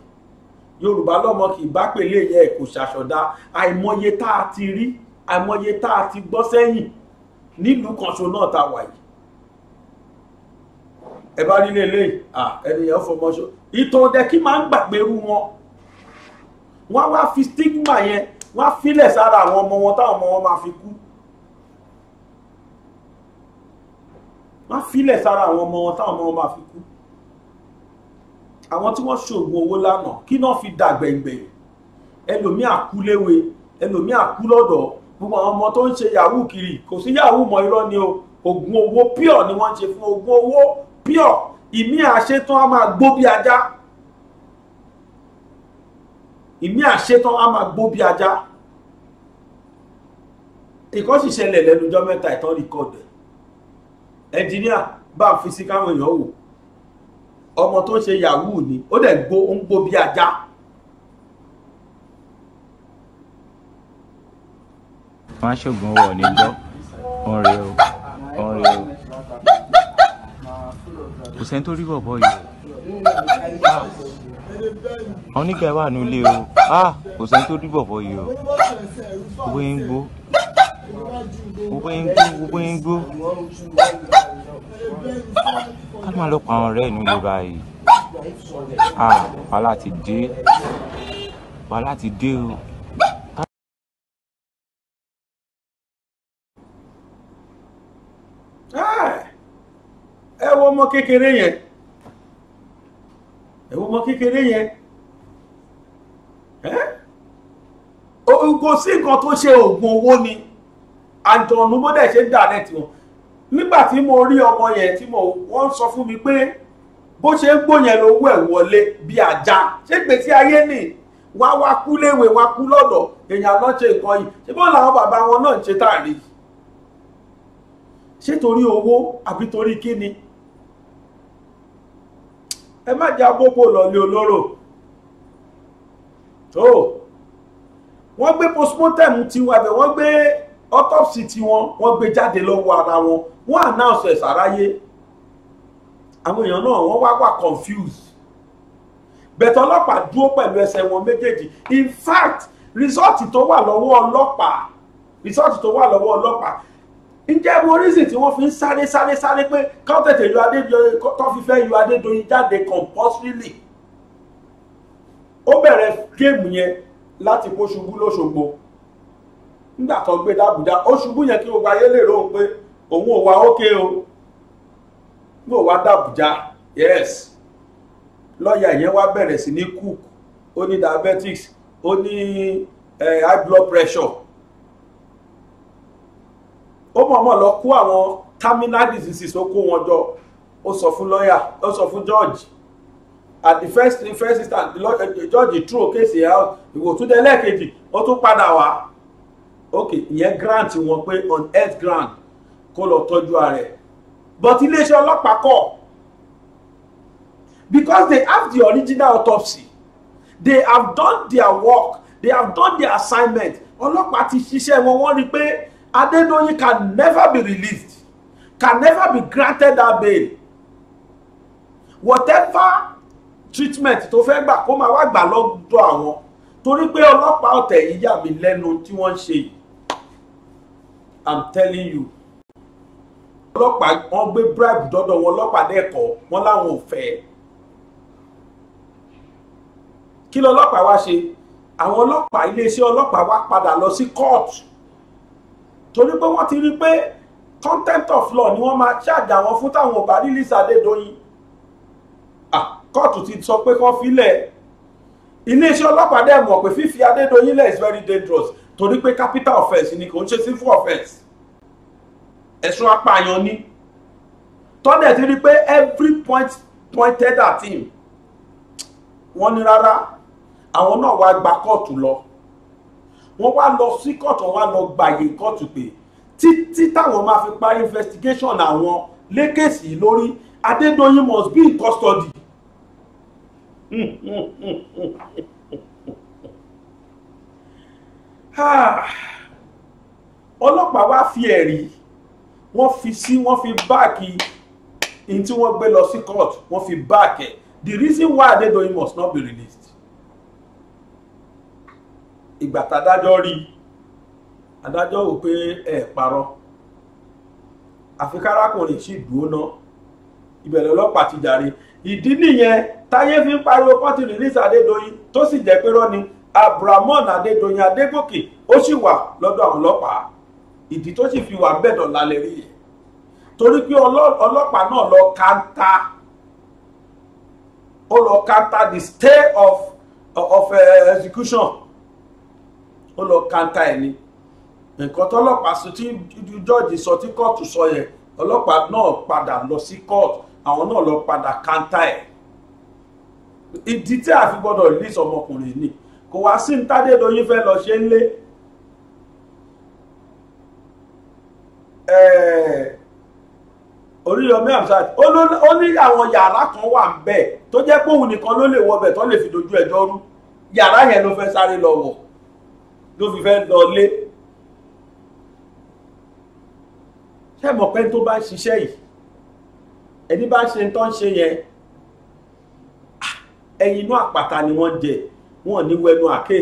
yorùbá lọ́mọ kì í bá pèlè yẹ kò ṣàṣọdá àìmọye tá a ti rí àìmọye tá a ti gbọ́ sẹ́yìn nílùú kanṣo náà ta wà yìí ẹ bá nílé ilé ẹnìyàn fọmọṣọ ìtàn ọdẹ kí máa ń gbàgbérú wọn wọn wá fi stigma yẹn wọn á filẹ̀ sára àwọn ọmọ wọn táwọn ọmọ wọn máa fi kú wọ́n filẹ̀ sára àwọn ọmọ wọn táwọn ọmọ wọn máa fi kú àwọn tí wọ́n ṣoògùn owó lánàá kí náà fi dà gbẹ̀ngbẹ̀yìn ẹlòmíì àkúléwe ẹlòmíì àkúlọ́dọ̀ gbogbo àwọn ọmọ tó ń ṣe yahoo kiri kò sí yahoo mọ́ irọ́ ni o oògùn owó pure ni wọ́n ń ṣe fún oògùn owó pure ìmí àṣetán á máa gbó bí ajá ìmí àṣetán á máa gbó bí ajá ìkọ́sìṣẹlẹ̀ lẹ́nu ọjọ́ mẹ́ta ìtàn rìkọ́dù ẹ̀ ẹnjìníà bá fi sí káwọn èèyàn wò ọmọ tó ń ṣe yahoo ni ó dẹ̀ gbó ó ń gbó bí ajá. wọ́n á ṣògùn owó ní gbọ́ ọ̀rẹ́ o ọ̀rẹ́ o kò sẹ́ni tó rí bọ̀bọ̀ yìí oníkẹ́ wà nílé o ah, kò sẹ́ni tó rí bọ̀bọ̀ yìí o gbogbo gbó gbogbo yín gbó gbogbo yín gbó ká máa lọ pa àwọn ọ̀rẹ́ ìnú yìí báyìí wàhálà ti dé wàhálà ti dé o. ẹ wo ọmọ kékeré yẹn ẹ wo ọmọ kékeré yẹn kò sí nǹkan tó ṣe oògùn owó ni àjọ̀nù bó dẹ̀ ṣe ń dà nẹ́ẹ̀tì wọn nígbà tí mo rí ọmọ yẹn tí mo wọ́n sọ fún mi pé bó ṣe ń gbòyàn lówó ẹ̀ wọlé bí ajá ṣé gbèsè ayé nì wá wá kú léwe wá kú lọ́dọ̀ èèyàn náà ṣe nǹkan yìí ṣé bọ́n làwọn bàbá wọn náà ń ṣe táàrí ṣé torí owó àbí torí kí ni ẹ má jẹ́ abópo lọ́lé olóró tó wọ́n gbé postmortem tiwa bẹ̀ gbé autopsy tí wọn wọ́n gbé jáde lọ́wọ́ ara wọn wọ́n announce ẹ̀ sáráyé àwọn èèyàn náà wọ́n wá wà confused bẹ̀tẹ̀ ọlọ́pàá dúró pẹ̀lú ẹsẹ̀ wọn méjèèjì in fact result tó wà lọ́wọ́ ọlọ́pàá result tó wà lọ́wọ́ ọlọ́pàá ǹjẹ́ mo reason tí wọ́n fi ń sáré sáré sáré pé káwọn tètè yọ Adédoyin tó fi fẹ́ yọ Adédoyin jáde compulsorily ó bẹ̀rẹ̀ géèmù yẹn láti kó ṣubú lóṣogbo nígbà kan gbé lábùjá ó ṣubú yẹn kí gbogbo ayé lè rò pé òun ò wá ókè o ní òwá dàbùjá yes lọ́ọ̀yà yẹn wá bẹ̀rẹ̀ sí ní cook ó ní diabetics ó ní eh, high blood pressure ó mọ̀ọ́mọ̀ lọ kó àwọn terminal diseases ó kó wọn jọ ó sọ fún lọ́ọ̀yà ó sọ fún George at the first first instance judge throw case out ìwòtúndẹ́lẹ́kejì ó tún padà wá ok ìyẹn grant wọn pé on earth grant kó lọ tọ́jú ààrẹ but iléeṣẹ́ ọlọ́pàá kọ̀ because they have the original autopsy they have done their work they have done their assignment ọlọ́pàá ti ṣiṣẹ́ wọn wọ́n rí i pé Adédọ́yìn can never be released can never be granted that bail whatever treatment tó fẹ́ gbà kó máa wá gbà lọ́dọ̀ àwọn torí pé ọlọ́pàá ọ̀tẹ̀ yìí yà mí lẹ́nu tí wọ́n ń ṣe yìí i'm telling you. ọlọ́pàá wọ́n gbé bribe dọ́dọ̀ wọn ọlọ́pàá dẹ́kọ̀ wọ́n láwọn ò fẹ́. kí lọ́lọ́pàá wá ṣe àwọn ọlọ́pàá iléeṣẹ́ ọlọ́pàá wá padà lọ sí court torí pé wọ́n ti rí pé content of law ni wọ́n máa ṣáàjà wọn fún táwọn ọba release Adédoyin kóòtù ah, ti sọ pé kán filẹ̀ iléeṣẹ́ ọlọ́pàá dẹ̀ mọ̀ pé fífi Adédoyin lẹ̀ is very dangerous torí pé capital offence ni kò ń ṣe sinful offence ẹ̀sùn apààyàn ni tọ́lẹ̀ ti rí pé every point pointed at him wọ́n ní rárá àwọn náà wá gba kóòtù lọ wọ́n wá lọ sí kóòtù wọ́n wá lọ gbàyè kóòtù pé títí táwọn máa fi parí investigation àwọn lékèsì lórí Adédọ́yìn must be in custody. Mm, mm, mm, mm. Ah, ọlọ́pàá wá fi ẹ̀rí wọ́n fi sí wọ́n fi báàkì in tí wọ́n gbé lọ sí court wọ́n fi báàkì ẹ̀ the reason why Adédoyin must not be released ìgbà tàdájọ́ rí adájọ́ wò pé ẹ̀ parọ́ àfikárákùnrin sì dúró ná ìbẹ̀rẹ̀ ọlọ́pàá ti jàre ìdí nìyẹn táyé fi ń pariwo pọ́tì release Adédoyin tó sì jẹ́ pé rọ́ abdulrahman adédoyin adégòkè ó sì wà lọ́dọ̀ àwọn ọlọ́pàá ìdí tó sì fi wà bẹ́ẹ̀dọ̀ lálẹ́ rí yẹn torí pé ọlọ́pàá náà lọ kanta ó lọ kanta the stay of of uh, execution ó lọ kanta ẹ̀ ni nǹkan tọ́lọ́pàá sọ tí jọ́ọ̀jì sọ tí kóòtù sọ yẹn ọlọ́pàá náà padà lọ sí kóòtù àwọn náà lọ padà kanta ẹ̀ ìdí tí a fi gbọ́dọ̀ release ọmọkùnrin ni kò wá sí ní Tádédoyin fẹ́ lọ ṣe ń lé Oríyọmí Hamzat ó ní àwọn yàrá kan wà ń bẹ̀ tó jẹ́ pé òun nìkan ló lè wọbẹ̀ tó lè fi dojú ẹjọ́ rú yàrá yẹn ló fẹ́ sáré lọ wọ̀ ló fi fẹ́ lọ lé ṣé mọ̀ pé tó bá ń ṣiṣẹ́ yìí ẹni bá ṣe ń tán ṣe yẹn ah, ẹyin inú àpáta ni wọ́n jẹ wọn ní wẹnu àké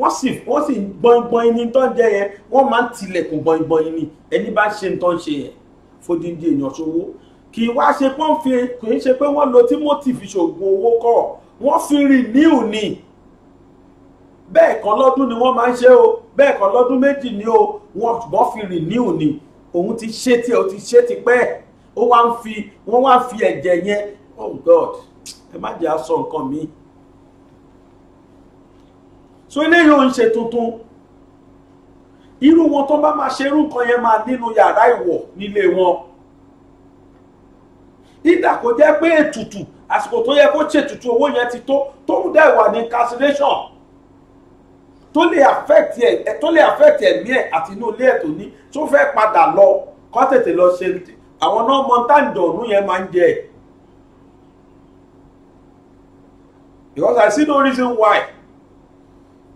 wọ́n sì wọ́n sì gbọ̀ngbọ̀n ní tó ń jẹ yẹn wọ́n máa ń tilẹ̀kùn gbọ̀ngbọ̀n ní ẹni bá ṣe tó ń ṣe yẹn fódìdí èèyàn ṣòwò kì í wá ṣe pọ́n fi kì í ṣe pé wọ́n lo Timothy fi ṣoògùn owó kọ́ wọ́n fi renew ni bẹ́ẹ̀ kan lọ́dún ni wọ́n máa ń ṣe o bẹ́ẹ̀ kan lọ́dún méjì ni o wọ́n ṣùgbọ́n fi renew ni òun ti ṣe tí ó ti ṣe tipẹ́ ó fi wọ́n wá ń fi ẹ̀jẹ̀ yẹn oh God ẹ má jẹ́ aṣọ nǹkan míì so eléyìí ò ń ṣe tuntun irú wọn tó bá máa ṣe irú nǹkan yẹn máa nínú yàrá ìwọ̀ nílé wọn ìdà kò jẹ́ pé ètùtù àsìkò tó yẹ kó ṣètùtù owó yẹn ti tó tóun dẹ̀ wà ní incarceration tó lè affect ẹ tó lè affect ẹ̀mí ẹ̀ àti inú ilé ẹ̀ tó ní tó fẹ́ padà lọ kó tètè lọ ṣe àwọn náà mọ táǹdọ̀ọ̀nù yẹn máa ń jẹ ẹ̀. because I see no reason why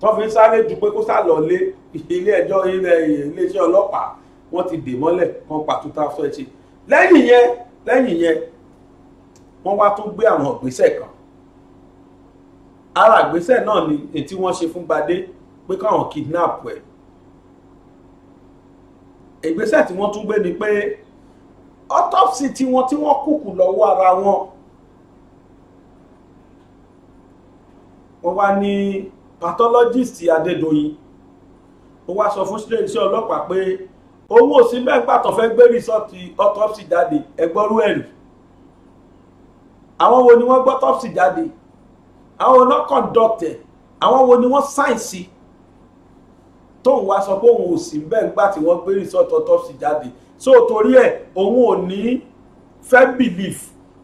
wọ́n fi ń sáré ju pé kó sá lọ lé ilé ẹjọ́ ilé iléeṣẹ́ ọlọ́pàá wọ́n ti dè mọ́lẹ̀ kan pa two thousand eighteen lẹ́yìn yẹn lẹ́yìn yẹn wọ́n wá tún gbé àwọn ìgbésẹ̀ kan ara ìgbésẹ̀ náà ni èyí tí wọ́n ṣe fún Gbadé pé káwọn kidnap ẹ̀ ìgbésẹ̀ tí wọ́n tún gbé ni pé autopsy tiwọn tí wọ́n kùkù lọ́wọ́ ara wọn. wọ́n wá ní pathologist Adédoyin ó wá sọ fún iléeṣẹ́ ọlọ́pàá pé owó òsì mẹ́gbà tó fẹ́ gbé rìsọ́ọ̀tì autopsy jáde ẹgbọ́rú ẹ̀rì àwọn wo ni wọ́n gbọ́ autopsy jáde àwọn wo náà àwọn wo ni wọ́n sáyẹ̀nsì tóun wá sọ pé òun ò sí mẹ́gbà tí wọ́n gbé rìsọ́ọ̀tì autopsy jáde so torí ẹ̀ òun ò ní fẹ́ belief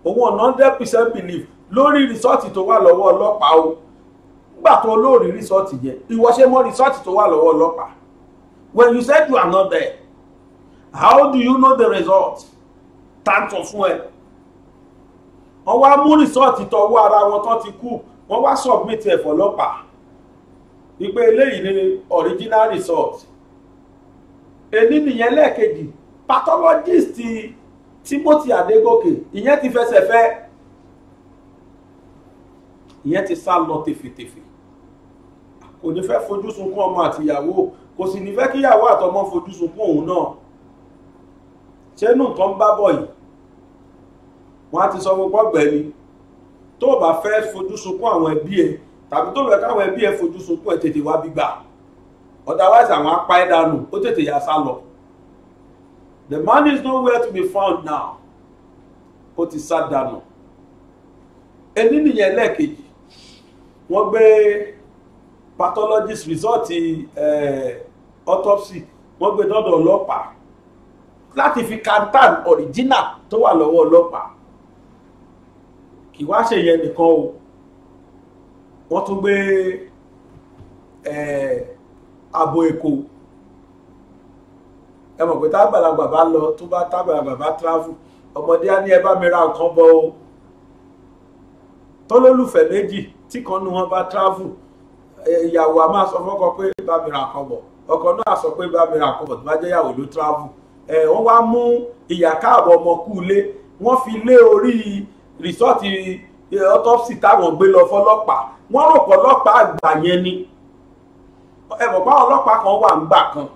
òun ò 100% belief lórí rìsọ́ọ̀tì tó wà lọ́wọ́ ọlọ́pàá o nígbà tó olóòrí rìsọ́ọ̀tì yẹn ìwọ ṣe mọ̀ rìsọ́ọ̀tì tó wà lọ́wọ́ ọlọ́pàá when you said you are not there how do you know the result tàǹtọ̀ fún ẹ wọ́n wá mú rìsọ́ọ̀tì tọwọ́ ara wọn tó ti kú wọ́n wá submit ẹ̀ fọlọ́pàá wípé eléyìí ni original result èyí nìyẹn lẹ́ẹ̀kejì pathologist Timothy Adegoke, ìyẹn ti fẹsẹ̀ fẹ́ ìyẹn ti sá lọ tèfètèfè kò ní fẹ́ fojú sunkún ọmọ àtìyàwó kò sì ní fẹ́ kíyàwó àtọmọ fojú sunkún òun náà ṣé inú nǹkan bá bọ̀ yìí wọ́n á ti sọ gbogbo ọ̀gbẹ́ni tó o bá fẹ́ fojú sunkún àwọn ẹbí ẹ tàbí tó bẹ̀ káwọn ẹbí ẹ fojú sunkún ẹ tètè wá gbígbà otherwise àwọn apá ẹ dànù ó tètè yà sá lọ the man is nowhere to be found now ó ti sá dànù ẹni nìyẹn lẹ́ẹ̀kejì wọ́n gbé pathologist result eh, autopsy wọ́n gbé dọ́dọ̀ ọlọ́pàá láti fi kantan original tó wà lọ́wọ́ ọlọ́pàá kì wá ṣe yẹn nìkan o wọ́n tún gbé ààbò eh, èkó ẹ mọ̀ pé tágbàlagbà bá lọ tó bá tágbàlagbà bá travel ọmọdé á ní ẹ bá mi ra nǹkan bọ o tọ́lólùfẹ́ méjì tí kan nu wọn bá travel ìyàwó a máa sọ fọ́kọ pé bá mi ra nǹkan bọ̀ ọkọ náà sọ pé bá mi ra nǹkan bọ̀ tó bá jẹ́ ìyàwó ló travel ẹ̀ wọ́n wá mú ìyà káàbọ̀ ọmọ kú ilé wọ́n fi lé orí rìsọ́ọ̀tì autopsy táwọn gbé lọ fọlọ́pàá wọ́n rò pọ̀ ọlọ́pàá àgbà yẹn ni ẹ̀mọ̀ pa ọlọ́pàá kan wà ńgbà kan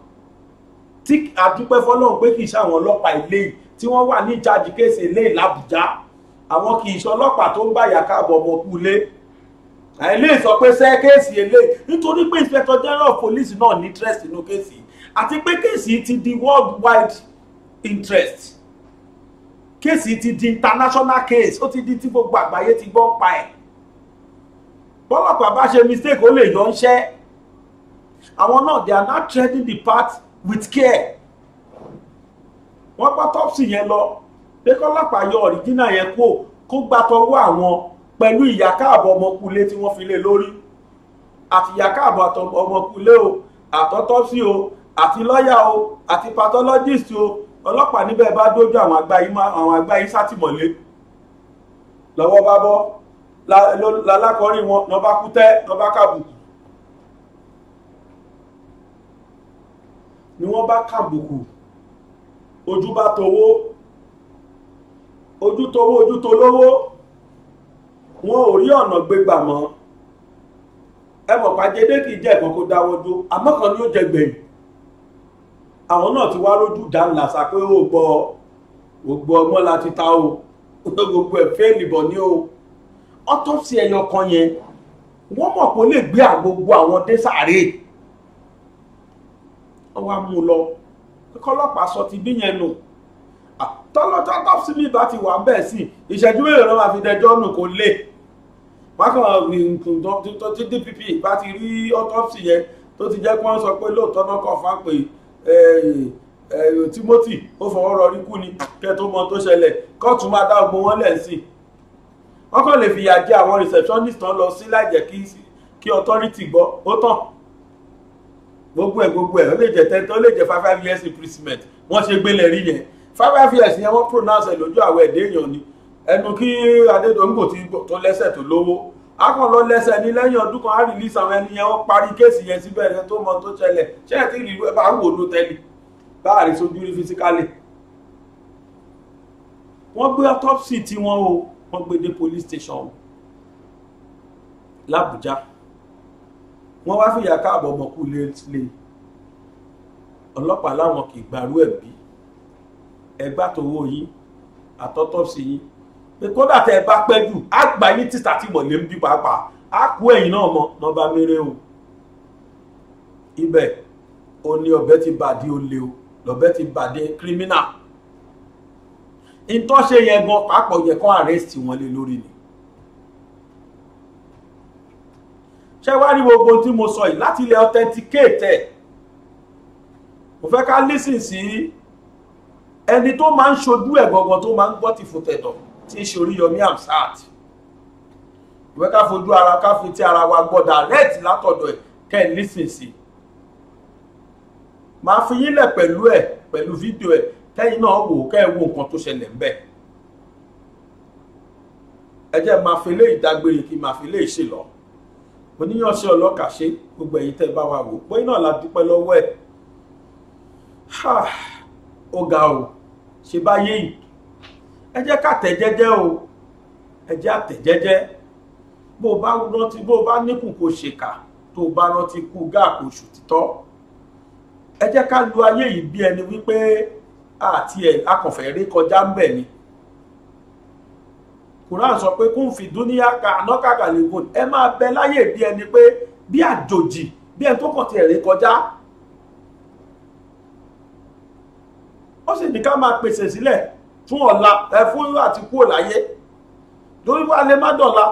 tí àdúpẹ́ fọlọ́run pé kì í ṣàwọn ọlọ́pàá ilé yìí tí wọ́n wà ní ìjáde kéèsì ilé ìlàbùjá àwọn kì í ṣe tó ń bá ìyà káàbọ̀ ọmọ kú ilé àìlè sọ pé ṣe kéèsì èlé nítorí pé inspector general of police náà ní interest nínú kéèsì àti pé kéèsì ti di world wide interest kéèsì ti di international case ó ti di tí gbogbo àgbáyé ti gbọ́ pa ẹ̀ bọ́lọ́pàá bá ṣe mistake ó lè yọ ń ṣẹ́ àwọn náà they are not treading the path with care wọ́n pa tọ́psì yẹn lọ pé kọ́lọ́pàá yọ ọ̀ríjínà yẹn kó kó gbàtọ́wọ́ àwọn pẹ̀lú ìyá káàbọ̀ ọmọkulé tí wọ́n fi lé lórí àti ìyá káàbọ̀ ọmọkulé o àtọ́tọ́sí o àti lọ́yà o àti pathologist o ọlọ́pàá níbẹ̀ bá dójú àwọn àgbáyé sátìmọ́lé lọ́wọ́ bá bọ́ lalákọ̀ọ́rí wọn lọ́ bá kú tẹ́ lọ́ bá kàbùkù ni wọ́n bá kàbùkù ojú bá towó ojú towó ojú tolówó wọn ò rí ọ̀nà gbégbà mọ́ ẹ mọ̀ pàjẹ́dé kì í jẹ́ ẹ̀kan kó dáwọ́ dúró àmọ́ kan ni ó jẹ gbẹ̀yìn àwọn náà ti wá lójú dáńlá sá pé ó gbọ́ gbogbo ọgbọ́n la ti ta o gbogbo ẹ̀ fẹ́ nìbọn ní o autopsy ẹyọ kan yẹn wọ́n mọ̀ pé ó lè gbé àgbogbo àwọn dé sàárè wọ́n wá mú un lọ kọ́lọ́pàá sọ ti bí yẹn nù. No tọ́lọ́tọ́ tọ́pùsì mi bá ti wà ń bẹ̀ sí ìṣẹ́jú mélòó ló máa fi dẹjọ́ nù kó lè bákan nǹkan tó ti DPP bá ti rí autopsy yẹn tó ti jẹ́ kí wọ́n sọ pé lóòótọ́ náà kàn fà pé Timothy ó fọwọ́ rọrí kú ni kẹ́ tó mọ tó ṣẹlẹ̀ kóòtù máa dá ogun wọn lẹ̀ sí i wọ́n kàn lè fìyà jẹ àwọn receptionist tán lọ sí láì jẹ́ kí authority gbọ́ ó tán gbogbo ẹ̀ gbogbo ẹ̀ ó lè jẹ́ ten ó lè jẹ́ five five years imprisonment wọ́n ṣe gbélé rí yẹn five years yẹn wọ́n pronounce ẹ̀ lójú àwọn ẹ̀dẹ́ èèyàn ni ẹnu kí adédọ́gbò ti tó lẹ́sẹ̀ tó lówó akọ̀ lọ lẹ́sẹ̀ ní lẹ́yìn ọdún kan á release àwọn ẹni yẹn wọ́n parí kéèsì yẹn síbẹ̀ ẹ̀sẹ̀ tó mọ tó ṣẹlẹ̀ ṣé ẹ̀ ti rí ìlú ẹ̀ bá wò ló tẹ́lẹ̀ bá a rí sojú rí fisikálì wọ́n gbé autopsy tí wọ́n o wọ́n gbé dé police station o làbújá wọ́n wá fìyà káàbọ̀ ọmọkú lé ọlọ́pàá láwọn kì í gbarú ẹ̀ bí ẹgbà tó wó yín àtọ́tọ́sí yín pé kódà tẹ ẹ bá pẹ́ jù á gbà yín títà tí mọ̀lẹ́ ń bí pàápàá á kú ẹ̀yìn náà mọ nọba mẹ́rẹ́ o ibẹ̀ o ní ọ̀bẹ ti bàdé olè o lọ́bẹ ti bàdé kírímínà ìtọ́ṣe yẹn gan pàápọ̀ yẹ kán àrẹ́sì wọn lé lórí ni ṣé wá rí gbogbo tí mo sọ yìí láti ilẹ̀ authenticate ẹ̀ mo fẹ́ ká lísìn sí. Si, ẹni tó máa ń ṣojú ẹ̀ gangan tó máa ń gbọ́ ti fòtẹ̀tọ̀ tí ń ṣe Oríyọmí Hamzat ìwé ká fojú ara ká fi ti ara wa gbọ́ direct látọ̀dọ̀ ẹ̀ kẹ́ ẹ̀ lísìn sí máa fi yílẹ̀ pẹ̀lú ẹ̀ pẹ̀lú fídíò ẹ̀ kẹ́yìn náà wò kẹ́ ẹ̀ wo nǹkan tó ṣẹlẹ̀ ńbẹ̀ ẹ jẹ́ máa fi lé ìdágbére kí máa fi lé ìṣe lọ oníyànṣẹ́ ọlọ́kàṣe gbogbo ẹ̀yin tẹ́ bá wa wò pé náà la dúpẹ́ lọ́wọ́ ẹ̀ ó ga o. se bá yé yìí ẹ jẹ́ ká o ẹ jẹ́ tẹ jẹ́jẹ́ bó bá rántí bó bá níkùn ba ṣèkà tó bá rántí kú gáàpù oṣù lu ayé yìí ẹni wípé ni sọ pé fi ka ànákàkà ẹ ma bẹ bi ẹni bi bi ẹni ti e kọjá ó sì ní ká máa pèsè sílẹ̀ fún ọ̀la ẹ fún àti kúrò láyé lórí wa lè má dọ̀la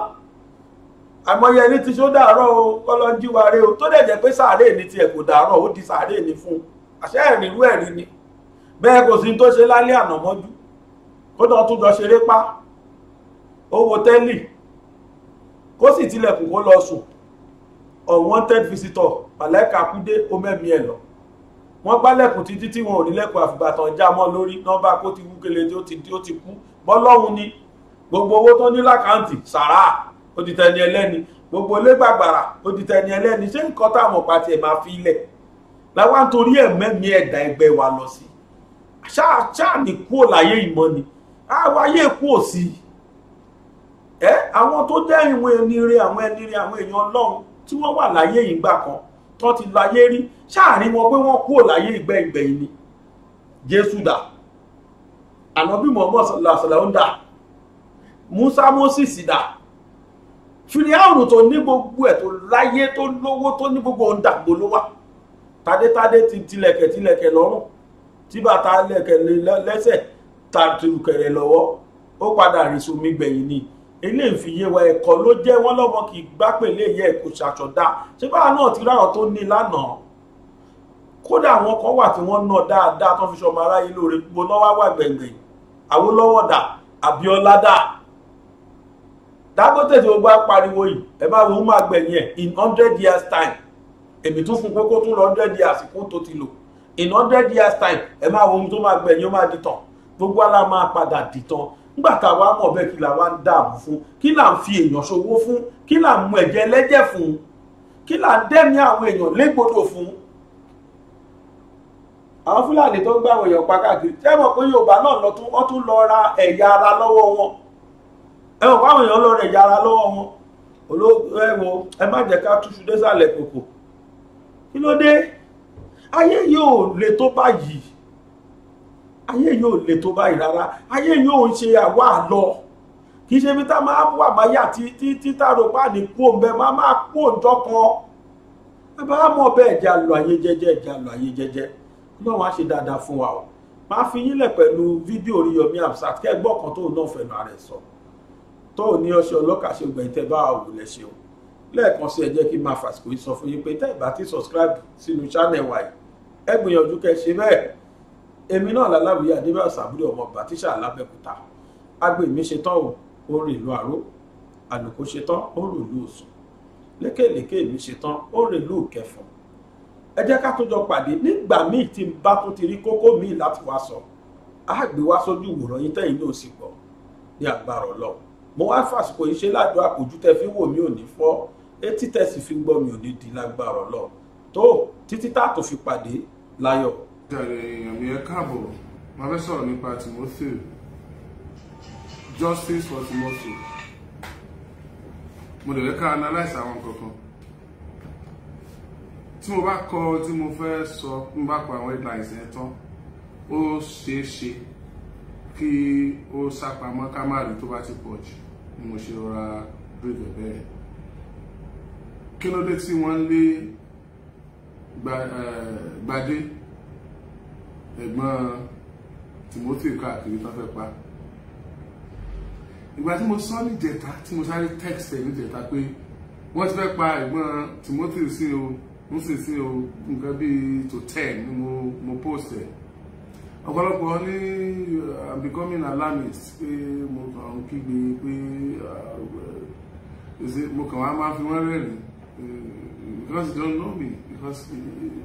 àmọye ẹni tí ṣó dàárọ̀ o kọ́lọ́njí wa rè o tó dẹ̀ jẹ́ pé sàárè ní tiẹ̀ kò dàárọ̀ ó di sàárè ní fún àṣẹ ẹ̀rìnrú ẹ̀rí ni bẹ́ẹ̀ kò sí tó ṣe lálẹ́ àná mọ́jú kó tó tún jọ ṣeré pa ó wo tẹ́lì kó sì tilẹ̀kùn kó lọ sùn unwanted visitor màláìka kúdé ó mẹ́mí ẹ̀ lọ wọ́n gbálẹ̀kùn títí tí wọn ò nílẹ̀kùn àfìgbà tán já mọ́ lórí nọ́mbà kó ti wúkele tí ó ti tí ó ti kú bọ́lọ́hun ni gbogbo owó tó ní lákàntì sàrà ó di tẹni ẹlẹ́ni gbogbo ilé gbàgbàrà ó di tẹni ẹlẹ́ni ṣé nǹkan táwọn ọ̀pá tiẹ̀ máa fi ilẹ̀ làwọn torí ẹ̀ mẹ́mí ẹ̀dá ẹgbẹ́ wa lọ sí ṣáà ní kúò láyé ìmọ̀ ni àwọn ayé kúò sí ẹ àwọn tó jẹ́ ìwé ẹni rẹ àwọn ẹni rẹ àwọn èèyàn ọlọ́run tí wọ́n wà láyé ìgbà kan tó ti láyé rí ṣáàrin wọn pé wọ́n kúrò láyé ìgbẹ̀yìngbẹ̀yìn ni jésù dà ànábì mọ̀ọ́mọ́ làṣàlẹ̀ ń dà musa moses dà fìlíàrùn tó ní gbogbo ẹ̀ tó láyé tó lówó tó ní gbogbo ọ̀ǹdà gbólówà tádétádé ti tilẹ̀kẹ̀ tilẹ̀kẹ̀ lọ́rùn tí bàtà lẹ̀kẹ̀ lẹ́sẹ̀ tàtùkẹ̀rẹ̀ lọ́wọ́ ó padà rìsùn mi gbẹ̀yìn ni ilé ìfìyẹwà ẹ̀kọ́ ló jẹ́ wọ́n lọ́mọ kì í gbápẹ̀lẹ́ ẹ̀yẹ ẹ̀kọ́ ṣàṣọ̀dá ṣé báwa náà ti ráwọn tó ní lánàá kódà àwọn kan wà tí wọ́n ná dáadáa tó fi ṣọmọ aráyé lóore gbogbo lọ́wọ́ wà gbẹ̀ngbẹ̀ Awólọ́wọ̀ dà Abíọ́lá tí gbogbo apariwo yìí ẹ bá wo máa gbẹ̀yìn ẹ̀ in hundred years time èmi tún fún pé kó tún lọ hundred years kó tó ti lò in hundred years time ẹ máa wo ohun tó máa gbẹ̀yìn ó máa dìtàn gbogbo àlá máa padà dìtàn nígbà tá a wá mọ̀ bẹ́ẹ̀ kí la wá ń dààmú fún kí là ń fi èèyàn ṣòwò fún kí là ń mu ẹ̀jẹ̀ ẹlẹ́jẹ̀ fún kí là ń dẹ́mi àwọn èèyàn légbodò fún. àwọn fúlàní tó ń gbà wọ̀nyàn pa káàkiri jẹ́ mọ̀ pé yorùbá náà lọ tún wọ́n tún lọ ra ẹ̀yà ara lọ́wọ́ wọn ẹ mọ̀ báwọn èèyàn lọ ra ẹ̀yà ara lọ́wọ́ wọn olóògùn ẹ wo ẹ má jẹ́ ká túṣu désàlẹ̀ kòkò kí ló dé ayé yóò le tó báyìí ayé yóò le tó báyìí rárá ayé yóò ń ṣe àwa àlọ kì í ṣe ibi tá a máa wà máa yà tí tí tí tá a rò pa ní kú òǹbẹ máa máa kú òǹjọ kan bàbá mọ bẹ́ẹ̀ jà lọ ayé jẹ́jẹ́ jà lọ ayé jẹ́jẹ́ Ọlọ́run á ṣe dáadáa fún wa o máa fi yín lẹ̀ pẹ̀lú fídíò Oríyọmí Hamzat kẹgbọn kan tóun náà fẹnu ara ẹ̀ sọ tóun ní ọṣẹ ọlọkà ṣe gbẹ̀yìn tẹ́ bá wù lẹ ṣeun lẹ́ẹ̀kan sí ẹ jẹ́ kí n máa fàsìkò yìí sọ fún yín pé tẹ́ ẹ bá ti subscribe sínú channel wa yìí ẹ gbìyànjú kẹ́ ṣe bẹ́ẹ̀ èmi náà láláwìyé adébáyọsà àbúrò ọmọ bàtíṣà lábẹ́kúta agbèmí ṣetán o orin ìlú àró àlùkò ṣetán orin ìlú òsùn lékèlékè mi ṣetán orin ìlú kẹfọn ẹ jẹ́ ká tó jọ pàdé nígbà míì tí n bá tún ti rí kókó míì láti wá sọ á gbé wá sójú ìwòran yín tẹ́yìn náà sì gbọ́ ní agbára Ọlọ́run mo wá fàsìkò yìí ṣe ládùú àpòjú tẹ fi wò mí ò ní fọ́ etí tẹ sì fi gbọ́ mi ò ní di lágbára Ọlọ́run tó títí tá a tó fi pàdé láyọ̀ jàre èèyàn mi ẹ káàbọ̀ máa fẹ́ sọ̀rọ̀ nípa Timothy justice for Timothy mo lè ká analyze àwọn nǹkan kan tí mo bá kọ tí mo fẹ́ sọ tí mo bá kọ àwọn headlines yẹn tán ó ṣeé ṣe kí ó sápamọ́ ká má rí tó bá ti pọ̀ jù ni mo ṣe rọra bíbẹ bẹ́ẹ̀ kí ló dé tí wọ́n lé gbadé. Uh, ẹ̀gbọ́n Timothy káàkiri tó fẹ́ pa ìgbà tí mo sọ níjẹta tí mo sáré text ẹ̀ níjẹta pé wọ́n ti fẹ́ pa ẹ̀gbọ́n Timothy sí o mo sì sí o nǹkan bíi to ten ni mo mo post ẹ̀ ọ̀pọ̀lọpọ̀ ní uh, i'm becoming alarmist pé mo kàn kígbe pé uh, mo kàn wá máa fi wọ́n rẹ́rìn uh, because they don't know me because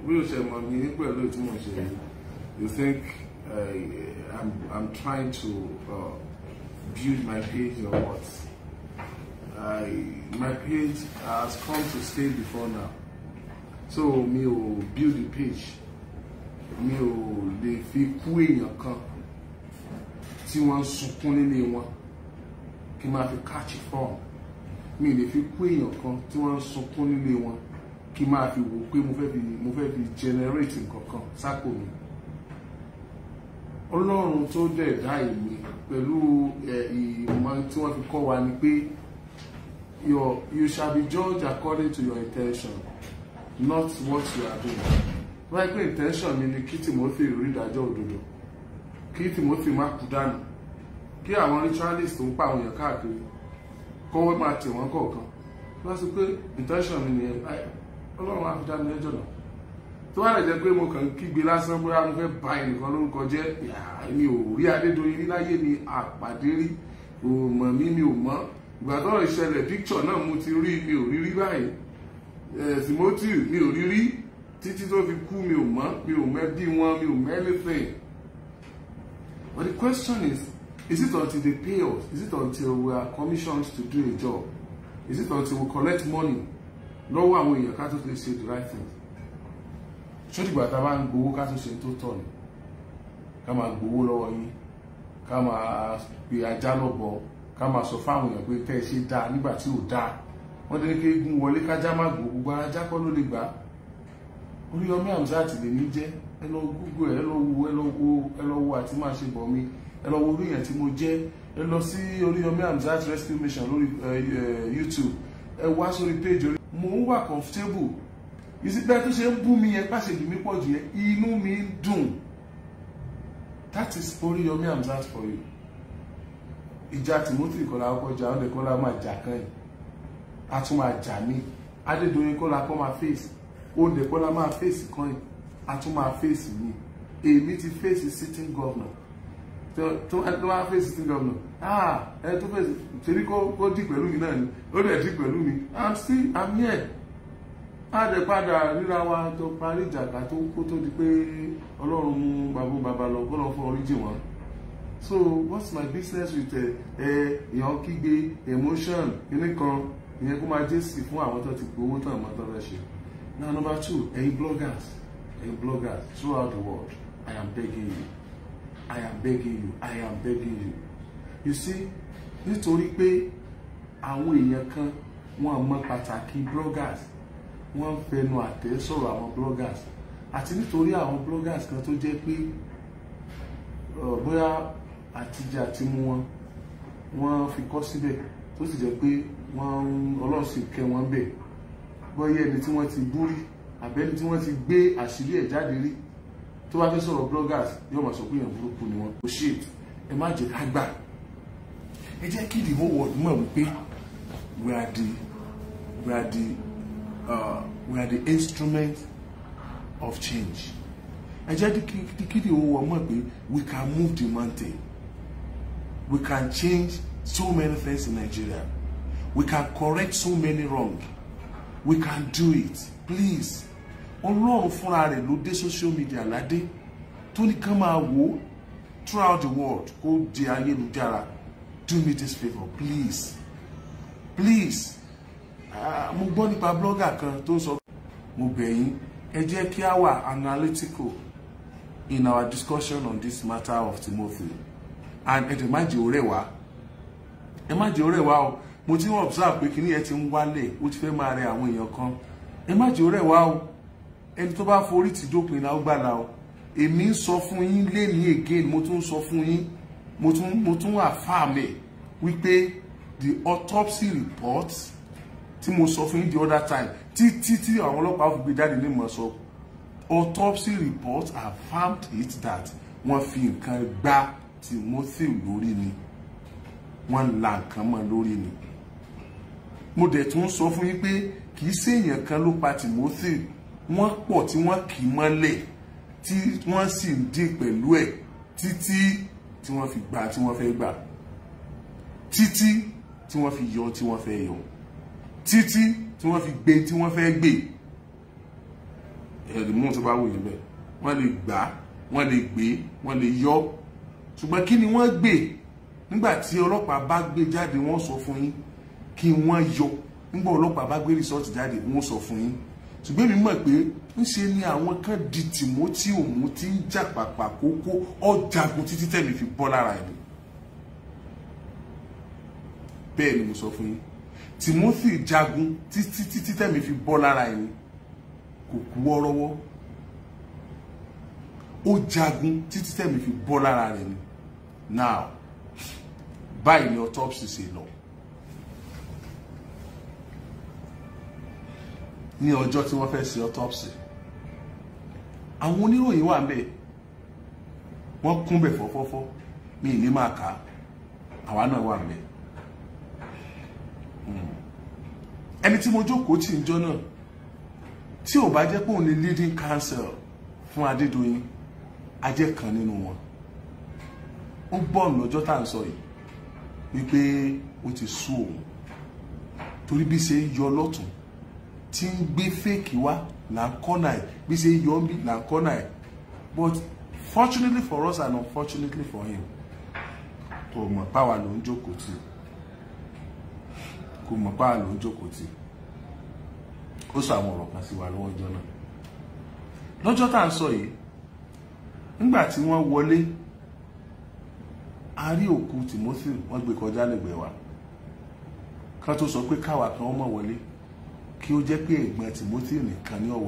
bí o ṣe mọ̀ mí pẹ̀lú ìtumọ̀ ṣe yìí you think uh, I'm, I'm trying to uh, build my page or what? I, my page has come to stay before now. So me will build the page. Me will lè fi kú your kan tí wọ́n ń sunkún nílé wọn kí catch form. Mi ò lè fi kú èèyàn kan tí wọ́n one, sunkún nílé wọn kí n máa fi wò pé mo fẹ́ fi mo ọlọ́run tó dẹ̀ dá èmi pẹ̀lú ìmọ̀ tí wọ́n fi kọ́ wa ni pé you shall be judged according to your intention not what you are doing wọ́n yẹ pé intention mi ni kí Timothy rí ìdájọ́ òdodo kí Timothy má kú dànù kí àwọn ritualist tó ń pa àwọn èèyàn káàkiri kọ́wé máa tẹ̀ wọ́n kọ̀ọ̀kan wọ́n sọ pé intention mi nìyẹn ọlọ́run á fi dá mi lẹ́jọ́ náà tó wà lè jẹ́ pé mo kàn ń kígbe lásán bóyá mo fẹ́ ba ẹnìkan lórúkọ jẹ́ mi ò rí Adédoyin rí láyé mi àpàdé rí kò mọ̀ mí mi ò mọ̀ ìgbà tó rẹ̀ ṣẹlẹ̀ picture náà mo ti rí mi ò rí rí báyìí Timothy mi ò rí rí títí tó fi kú mi ò mọ̀ mi ò mẹ́bí wọn mi ò mẹ́lẹ́fẹ̀ẹ́ But the question is, is it until they pay us? Is it until we are commissioned to do a job? Is it until we collect money? lọ́wọ́ àwọn èèyàn ká tó lè ṣe the right thing ṣódìgbà tá a bá ń gbowó ká tún ṣe tó tọ́ ni ká máa gbowó lọ́wọ́ yín ká máa pe ajá lọ́bọ ká máa sọ fáwọn èèyàn pé tẹ́ ẹ ṣe dáa nígbà tí ò dáa wọ́n ti ní kí eégún wọlé kájá má gbó gbogbo ara jákọ́ ló lè gbà á Oríyọmí Hamzat lè mí jẹ́ ẹ lọ Google ẹ lọ wo ẹ lọ wo ẹ lọ wo àti máa ṣe bọ̀ mi ẹ lọ wo orí yẹn tí mo jẹ́ ẹ lọ sí Oríyọmí Hamzat rescue mission lórí eh, eh, YouTube ẹ wá sórí page orí mo ń wà comfortable ìsìnkú tó ṣe ń bú mi yẹn pàṣẹjù mi pọ̀ jù yẹn inú mi ń dùn that is Oríyọmí Hamzat for you ìjà Timothy kọ́lá ọkọjà ọ̀lẹ̀ kọ́lá máa jà kan yìí a tún máa jà ní Adédoyin kọ́lá kọ́ máa fèsì ọ̀lẹ̀ kọ́lá máa fèsì kan yìí a tún máa fèsì ní èmi ti fèsì sitting governor tó máa fèsì sitting governor ah ẹ tó fèsì torí kó dì pẹ̀lú mi náà ni ó dẹ̀ dì pẹ̀lú mi i'm still i'm here àdè padà ríra wa tó parí ìjàgbá tó kó tó di pé ọlọ́run mú babu baba lọ kó fún oríjì wọn so what's my business with eh, èèyàn kígbe emotion kíní kan ìyẹn kó máa jésì fún àwọn tó ti gbowó tán àmọ́ tó fẹ́ ṣe now number two ẹ̀yin bloggers ẹ̀yin bloggers throughout the world I am begging you I am begging you I am begging you you see nítorí pé àwọn èèyàn kan wọn mọ pàtàkì bloggers wọ́n ń fẹnu àtẹ́ sọ̀rọ̀ àwọn bloggers àti nítorí àwọn bloggers kan tó jẹ́ pé bóyá àtijọ́ àti mu wọn wọ́n fi kọ́ síbẹ̀ tó sì jẹ́ pé wọ́n ọlọ́run sì kẹ́ wọn bẹ̀ bóyá ẹni tí wọ́n ti búrí àbẹ́ni tí wọ́n ti gbé àṣírí ẹ̀ jáde rí tó bá fẹ́ sọ̀rọ̀ bloggers yóò máa sọ pé èèyàn burúkú ni wọ́n kò ṣe ẹ má jẹ́ ká gbà ẹ jẹ́ kí the whole mọ̀ wípé we are the we are the uh, we are the instrument of change ẹ jẹ́ kí the whole world mọ̀ pé we can move the mountain we can change so many things in Nigeria we can correct so many wrong we can do it please ọlọ́run fúnra rẹ̀ ló dé social media ládé tó ní máa wò throughout the world kó di ayélujára do me this favour please please Ah, mo gbọ́ nípa blọ́gà kan tó sọ mo bẹ̀ ẹ jẹ́ kí a wà analytical in our discussion on this matter of Timothy and ẹ má jẹ́ ọ̀rẹ́ wa ẹ má jẹ́ ọ̀rẹ́ wa o mo ti ń observe pé kíní ẹ ti ń wálẹ̀ ó ti fẹ́ máa rẹ àwọn èèyàn kan ẹ má jẹ́ ọ̀rẹ́ wa o ẹni tó bá forí ti dópin náà ó gbàlà o èmi ń sọ fún yín lẹ́ni again mo tún ń sọ fún yín mo tún mo tún wà fáàmì wípé the autopsy report tí mo sọ fún the other time títí tí àwọn ọlọ́pàá fi gbé jáde lè mọ̀ sọ autopsy report have found it that wọ́n fi nǹkan gbá Timothy lórí ni wọ́n la nǹkan mọ́ lórí ni mo dẹ̀ tún sọ fún yín pé kì í ṣèèyàn kan ló pa Timothy wọ́n pọ̀ tí wọ́n kì í mọ́lẹ̀ tí wọ́n sì ń dín pẹ̀lú ẹ̀ títí tí wọ́n fi gbà tí wọ́n fẹ́ gbà títí tí wọ́n fi yọ tí wọ́n fẹ́ yọ títí tí wọ́n fi gbé tí wọ́n fẹ́ gbé ẹ̀rì mú tó bá wòye bẹ́ẹ̀ wọ́n lè gbà wọ́n lè gbé wọ́n lè yọ ṣùgbọ́n kí ni wọ́n gbé nígbà tí ọlọ́pàá bá gbé jáde wọ́n sọ fún yín kí wọ́n yọ nígbà ọlọ́pàá bá gbé rìsọ́ọ̀tì jáde wọ́n sọ fún yín ṣùgbọ́n èmi mọ̀ pé ńṣe ni àwọn kan di tìmọ́tì òun tí ń jà pàpà kókó ọ̀jàgùn títí tẹ̀mí fi bọ́ lára ẹ̀ bẹ́ẹ̀ ni mo sọ fún yín Timothy jagun títí títí tẹ̀mí fi bọ́ lára ẹ̀mí kò kú wọ́rọ́wọ́ ó jagun títí tẹ̀mí fi bọ́ lára rẹ̀ ni now báyìí ni autopsy ṣe lọ ní ọjọ́ tí wọ́n fẹ́ ṣe autopsy àwọn oníròyìn wà ń bẹ̀ wọ́n kúnbẹ̀ fọ́fọ́fọ́ mi ì ní máa kà á àwa náà wà ń bẹ̀. Hmm ẹni tí mo jókòó tì ń jọ náà tí ò bá jẹ́ pé òun ni leading counsel fún Adédoyin ajẹ́ kan nínú wọn ó bọ́ọ̀lù lọ́jọ́ tá à ń sọ yìí wípé ó ti sú òun torí bí ṣe ń yọ lọ́tún tí ń gbé fèkì wá là ń kọ́nà ẹ̀ bí ṣe ń yọ ń bí là ń kọ́nà ẹ̀ but fortunately for us and unfortunately for him kò mọ̀ páwa ló ń jókòó tì í kó mọ̀ páàlù ó jókòó tì ó sọ àwọn ọ̀rọ̀ kan sí wa lọ́wọ́ ọjọ́ náà lọ́jọ́ tá à ń sọ yìí nígbà tí wọ́n wọlé a rí òkú Timothy wọ́n gbé kọjá lẹ́gbẹ̀ẹ́ wa kan tó sọ pé káwa kan wọ́n wọlé kí ó jẹ́ pé ẹ̀gbọ́n Timothy nìkan ní ó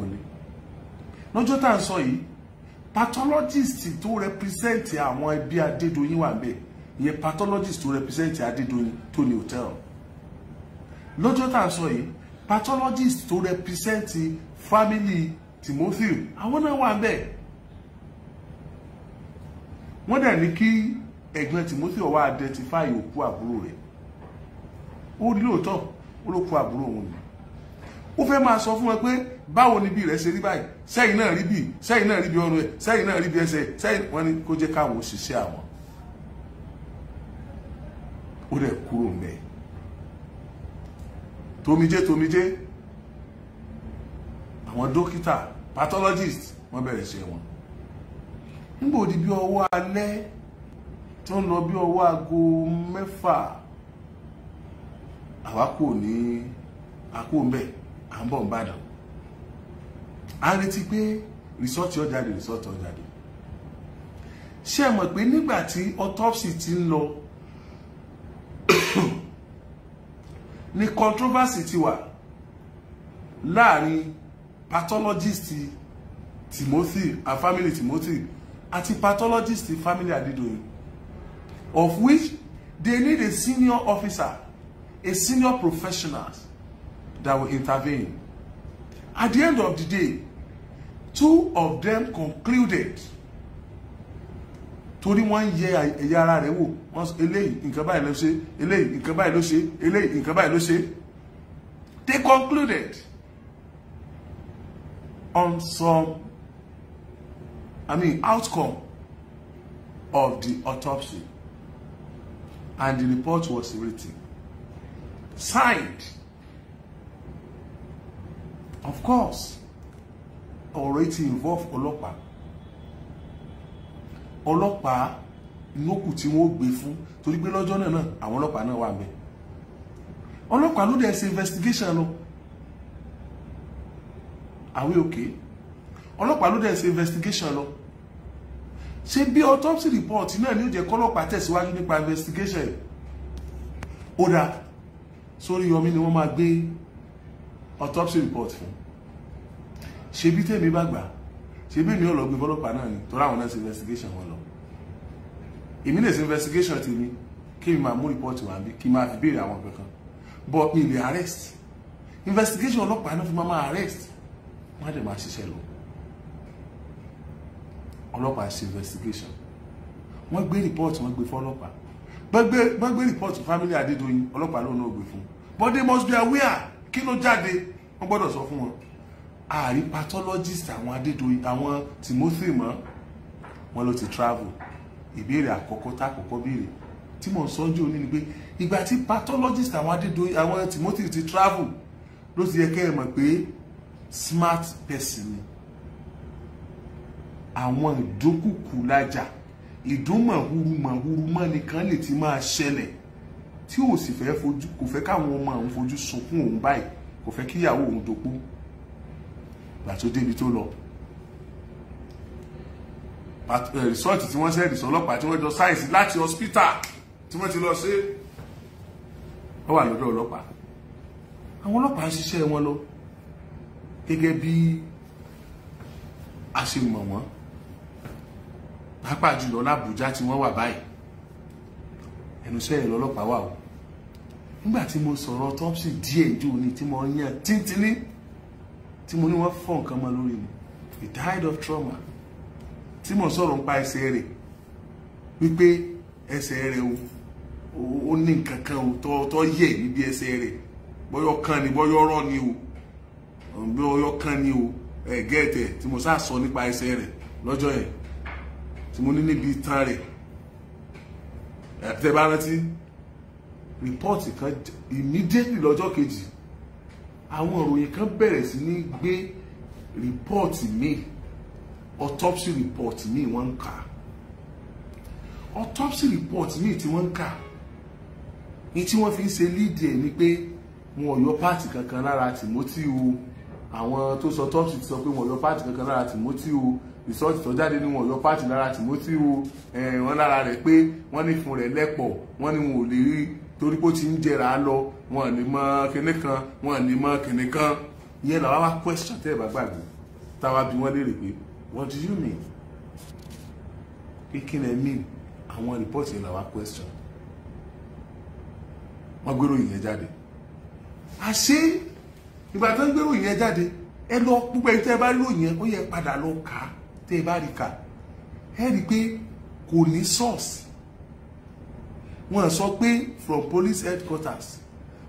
lọ́jọ́ tá à ń sọ yìí pathologist tó represent àwọn ẹbí Adédoyin wà bẹ́ẹ̀ ìyẹn pathologist tó represent Adédoyin tó ní hòtẹ́ẹ̀lì lọ́jọ́ tá à sọ yìí pathologist tó represent family Timothy àwọn náà wà bẹ́ẹ̀ wọ́n dẹ̀ ní kí ẹ̀gbọ́n Timothy ó wá identify òkú àbúrò rẹ̀ ó rí lóòótọ́ ó ló kú àbúrò òun ni ó fẹ́ máa sọ fún wọn pé báwo ni bí rẹ̀ ṣe rí báyìí sẹ́yìn náà rí bí sẹ́yìn náà rí bí ọrùn ẹ̀ sẹ́yìn náà rí bí ẹsẹ̀ sẹ́yìn wọn ni kó jẹ́ káwọn òṣìṣẹ́ àwọn ó dẹ̀ kúrò mẹ́ẹ̀ tomijé tomijé àwọn dókítà pathologist wọ́n bẹ̀rẹ̀ ṣe wọn nígbà òdi bí ọwọ́ alẹ́ tó ń lọ bí ọwọ́ aago mẹ́fà àwa kò ní akó ń bẹ̀ à ń bọ̀ ń bàdàn a ń retí pé rìsọ́ọ̀tì ó jáde rìsọ́ọ̀tì ó jáde ṣé ẹ mọ̀ pé nígbà tí autopsy ti ń lọ ni controversy ti wà láàrin pathologist Timothy and family Timothy àti pathologist family Adedoyin of which they need a senior officer a senior professional that will intervene at the end of the day two of them concluded torí wọ́n ń yẹ ẹ̀yà ara rẹ̀ wò wọ́n sọ eléyìí nǹkan báyìí ló ṣe eléyìí nǹkan báyìí ló ṣe eléyìí nǹkan báyìí ló ṣe they concluded on some I mean outcome of the autopsy and the report was written signed of course already yìí ti involve ọlọ́pàá ọlọ́pàá lókù tí wọ́n gbé fún torí pé lọ́jọ́ náà náà àwọn ọlọ́pàá náà wà mẹ́ ọlọ́pàá ló dẹ̀ ṣe investigation lọ àwé òkè ọlọ́pàá ló dẹ̀ ṣe investigation lọ ṣé bí autopsy report náà ni ó jẹ́ kọ́lọ́pàá tẹ̀síwájú nípa investigation ó dáa sórí yọmí ni wọ́n máa gbé autopsy report fún ṣebí tèmi bá gbà ṣebí mi ò lọ gbé fọ́lọ́pàá náà ni torí àwọn náà ṣe investigation wọn lọ èmi lè ṣe investigation tèmi kí mi máa mú report wá bí kí n máa fi béèrè àwọn kankan but mi lè arrest investigation ọlọ́pàá náà fi máa máa arrest wọ́n á dẹ̀ máa ṣiṣẹ́ lọ ọlọ́pàá ṣe investigation wọ́n gbé report wọ́n gbé fọ́lọ́pàá wọ́n gbé report family Adédoyin ọlọ́pàá lóun náà gbé fún but they must be aware kí ló jáde wọ́n gbọ́dọ̀ sọ fún wọn àrí pathologist àwọn Adédoyin àwọn Timothy mọ́ wọn ló ti travel ìbéèrè àkọ́kọ́ tá àkọ́kọ́ béèrè tí mò ń sọ jù ní ni pé ìgbà tí pathologist àwọn adédoyin àwọn Timothy ti travel ló ti yẹ kẹ́ ẹ mọ̀ pé smart person ni àwọn ìdókùkù lájà ìdúnmọ̀húrú mọ̀húrú mọ́ nìkan lè ti máa ṣẹlẹ̀ tí ò sì fẹ́ fojú kò fẹ́ káwọn ọmọ òun fojú sunkún òun báyìí kò fẹ́ kíyàwó òun dopó gbà tó débi tó lọ Eh, rìsọ́ọ̀tì tí wọ́n ṣe ẹ̀dìsọ́ ọlọ́pàá tí wọ́n jọ sáyẹ̀nsì láti hospital tí wọ́n ti lọ ṣe ó wà lọ́dọ̀ ọlọ́pàá àwọn ọlọ́pàá ń ṣiṣẹ́ wọn lọ gẹ́gẹ́ bí a ṣe mọ̀ wọ́n pàápàá jùlọ lábùjá tí wọ́n wà báyìí ẹnu iṣẹ́ ìlú ọlọ́pàá wà o nígbà tí mo sọ̀rọ̀ autopsy díẹ̀ jù ní tí mo yan tíntínní tí mo ní wọ́n fọ́ nǹkan mọ́ lórí mi he died of trauma tí mò ń sọ̀rọ̀ nípa ẹsẹ̀ rẹ̀ wípé ẹsẹ̀ rẹ̀ ó ní nǹkan kan ò tó yẹ̀ níbi ẹsẹ̀ rẹ̀ bọ́yọ̀ kan ni bọ́yọ̀ rọ̀ ni o bọ́yọ̀ kan ni o ẹ̀ gẹ́ẹ̀tẹ̀ tí mo sáà sọ nípa ẹsẹ̀ rẹ̀ lọ́jọ́ yẹn tí mo ní níbi ìtàn rẹ̀ tẹ́ bá rántí rìpọ́ọ̀tì kan immediately lọ́jọ́ kejì àwọn ìròyìn kan bẹ̀rẹ̀ sí ní gbé rìpọ́ọ̀tì míì autopsy report míì wọ́n ń kà autopsy report míì tí wọ́n ń kà ní tí wọ́n fi ń ṣe lídìí ẹ̀ ni pé wọn ò yọ páàtì kankan lára Timothy o àwọn tó sọ autopsy ti sọ pé wọn ò yọ páàtì kankan lára Timothy o rìsọ́ọ̀tì tó jáde ní wọn yọ pàtì lára Timothy o wọn lára rẹ̀ pé wọ́n ní fún rẹ̀ lẹ́pọ̀ wọ́n ní wọn ò lè rí torí pé ó ti ń jẹrà á lọ wọn ò ní mọ kinní kan wọn ò ní mọ kinní kan ìyẹn làwọn wá question tẹ́ ẹ̀ bá gbàgbé táwa bí wọ́n léèrè pé what do you mean pé kí mean. I want àwọn report yẹn làwa question wọ́n gbèrò yìnyẹn jáde àṣé ìgbà tó ń gbèrò yìnyẹn jáde ẹ lọ gbogbo ẹni tẹ́ ẹ bá rí òyìn ó yẹ padà lọ kà á tẹ́ ẹ bá rí kà ẹ rí i pé kò ní source wọ́n sọ pé from police headquarters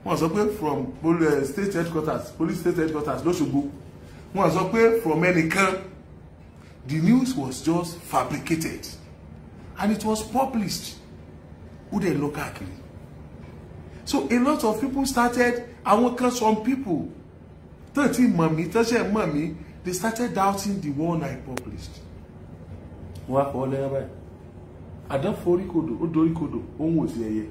wọ́n sọ pé from eh, state headquarters police state headquarters lọ́ṣogbo wọ́n sọ pé from ẹnìkan the news was just fabricated and it was published ó dẹ̀ lọ káàkiri so a lot of people started àwọn kan some people tán ti mọ̀ mí they started doubting the one I published. What for? fọwọ́ lẹ́yìn báyìí àdán forí kodò ó dorí kodò òun ò sí ẹyẹ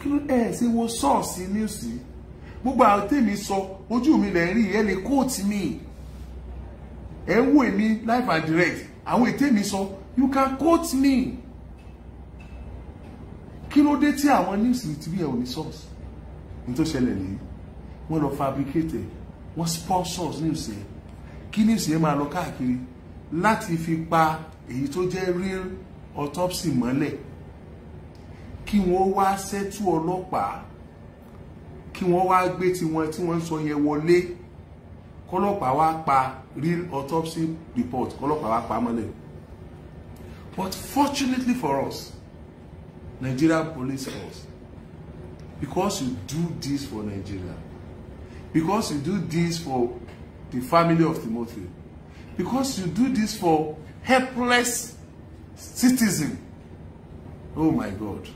kí ló ẹ̀ ṣe wo sọ́ọ̀sì níwùsì gbogbo àwọn tèmi sọ ojú mi lẹ́ rí ẹ̀ ń wò èmi live and direct àwọn ètè mi sọ you can quote me kí ló dé tí àwọn news ti bí ẹ ò ní source ní tó ṣẹlẹ̀ nìyí wọ́n lọ fabricate wọ́n sponsors news yẹn kí news yẹn máa lọ káàkiri láti fi pa èyí tó jẹ́ real autopsy mọ́lẹ̀ kí wọ́n wá ṣẹ́tù ọlọ́pàá kí wọ́n wá gbé tiwọn tí wọ́n ń sọ yẹn wọlé kọ́lọ́pàá wá pa real autopsy report kọ́lọ́pàá wá pa mọ́lẹ̀ but fortunately for us Nigeria police force because you do this for Nigeria because you do this for the family of Timothy because you do this for helpless citizen oh my God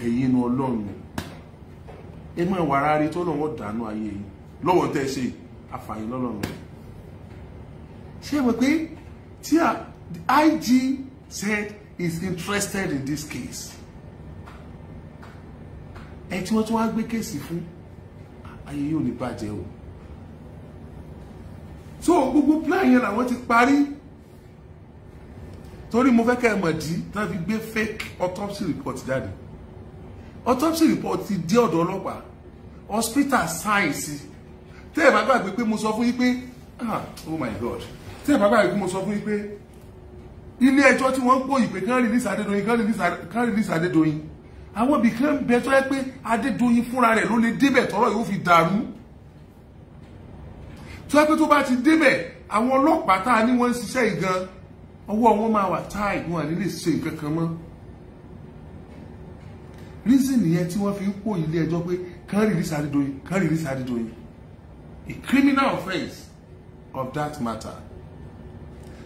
ẹ̀yin nu Ọlọ́run ẹ máa wà rárẹ tó lọ́wọ́ dànù ayé yìí lọ́wọ́ tẹ́ ṣe àfààyè lọ́nà mi ṣé mo pé tí IG said is interested in this case ẹ tí wọ́n tún wá gbé kéèsì fún ayé yóò ní bàjẹ́ o so gbogbo plan yẹn làwọn ti parí torí mo fẹ́ kẹ́ ẹ mọ̀ dí tí wọ́n fi gbé fake autopsy report jáde autopsy report ti dé ọ̀dọ̀ ọlọ́pàá hospital sáyẹ̀nsì tẹ́ ẹ̀ bá gbàgbé pé mo sọ fún yín pé ah oh my god tẹ́ ẹ̀ bá gbàgbé pé mo sọ fún yín pé ilé ẹjọ́ tí wọ́n ń pòyì pé kán release Adédoyin kán release Adédoyin àwọn ibì kan bẹ tó yẹ pé Adédoyin fúnra rẹ̀ ló lè débẹ̀ tọ́rọ̀ yóò fi dàrú tó yẹ pé tó bá ti débẹ̀ àwọn ọlọ́pàá tá a ní wọ́n ń ṣiṣẹ́ ìgan ọwọ́ wọn máa wà táì wọn àní lè ṣe nǹkan kan mọ́ reason nìyẹn tí wọ́n fi ń pòyì ilé ẹjọ́ pé kán release Adédoyin kán release Adédoyin a criminal offense of that matter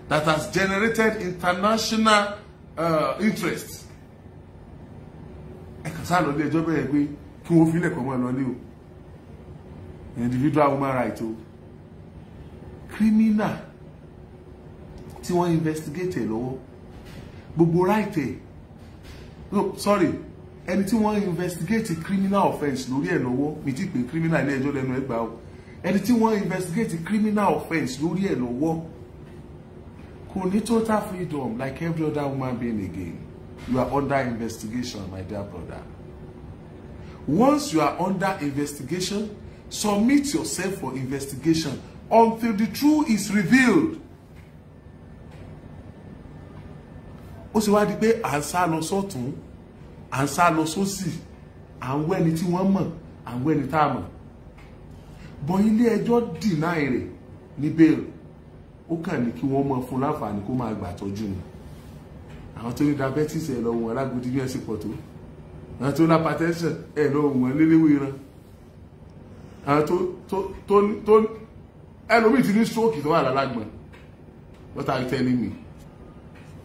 that has generated international uh, interest. Ẹ kàn sá lọ ilé ẹjọ́ bẹ́ẹ̀ pé kí wọ́n fi ilẹ̀ mọ́ ẹ lọ́lé o. Individual woman right o. Criminal tí wọ́n investigate ẹ̀ lọ́wọ́ gbogbo right ẹ̀ no sorry ẹni tí wọ́n investigate criminal offence lórí ẹ̀ lọ́wọ́ mi ti pè criminal ilé ẹjọ́ lẹ́nu ẹgbàá o ẹni tí wọ́n investigate criminal offence lórí ẹ̀ lọ́wọ́ kò ní total freedom like every other woman being again you are under investigation my dear brother once you are under investigation submit yourself for investigation until the truth is revealed ó sì wá di pé à ń sá lọ sọ́tún à ń sá lọ sósì à ń wẹ́ni tí wọ́n mọ̀ à ń wẹ́ni tá a mọ̀ bọ ilé ẹjọ́ dìnáì rẹ̀ ní bẹ́ẹ̀lì ó kàn ní kí wọ́n mọ fún láǹfààní kó máa gbà tọ́jú ni àwọn tó ní diabetes ẹ̀ lọ́wọ́ alágídí bí wọ́n ṣe pọ̀ tó àwọn tó ní hypertension ẹ̀ lọ́wọ́ wọn léléwé ran àwọn tó tó tó tó ẹlòmíì ti ní stroke tó wà lálágbọ̀n what are you telling me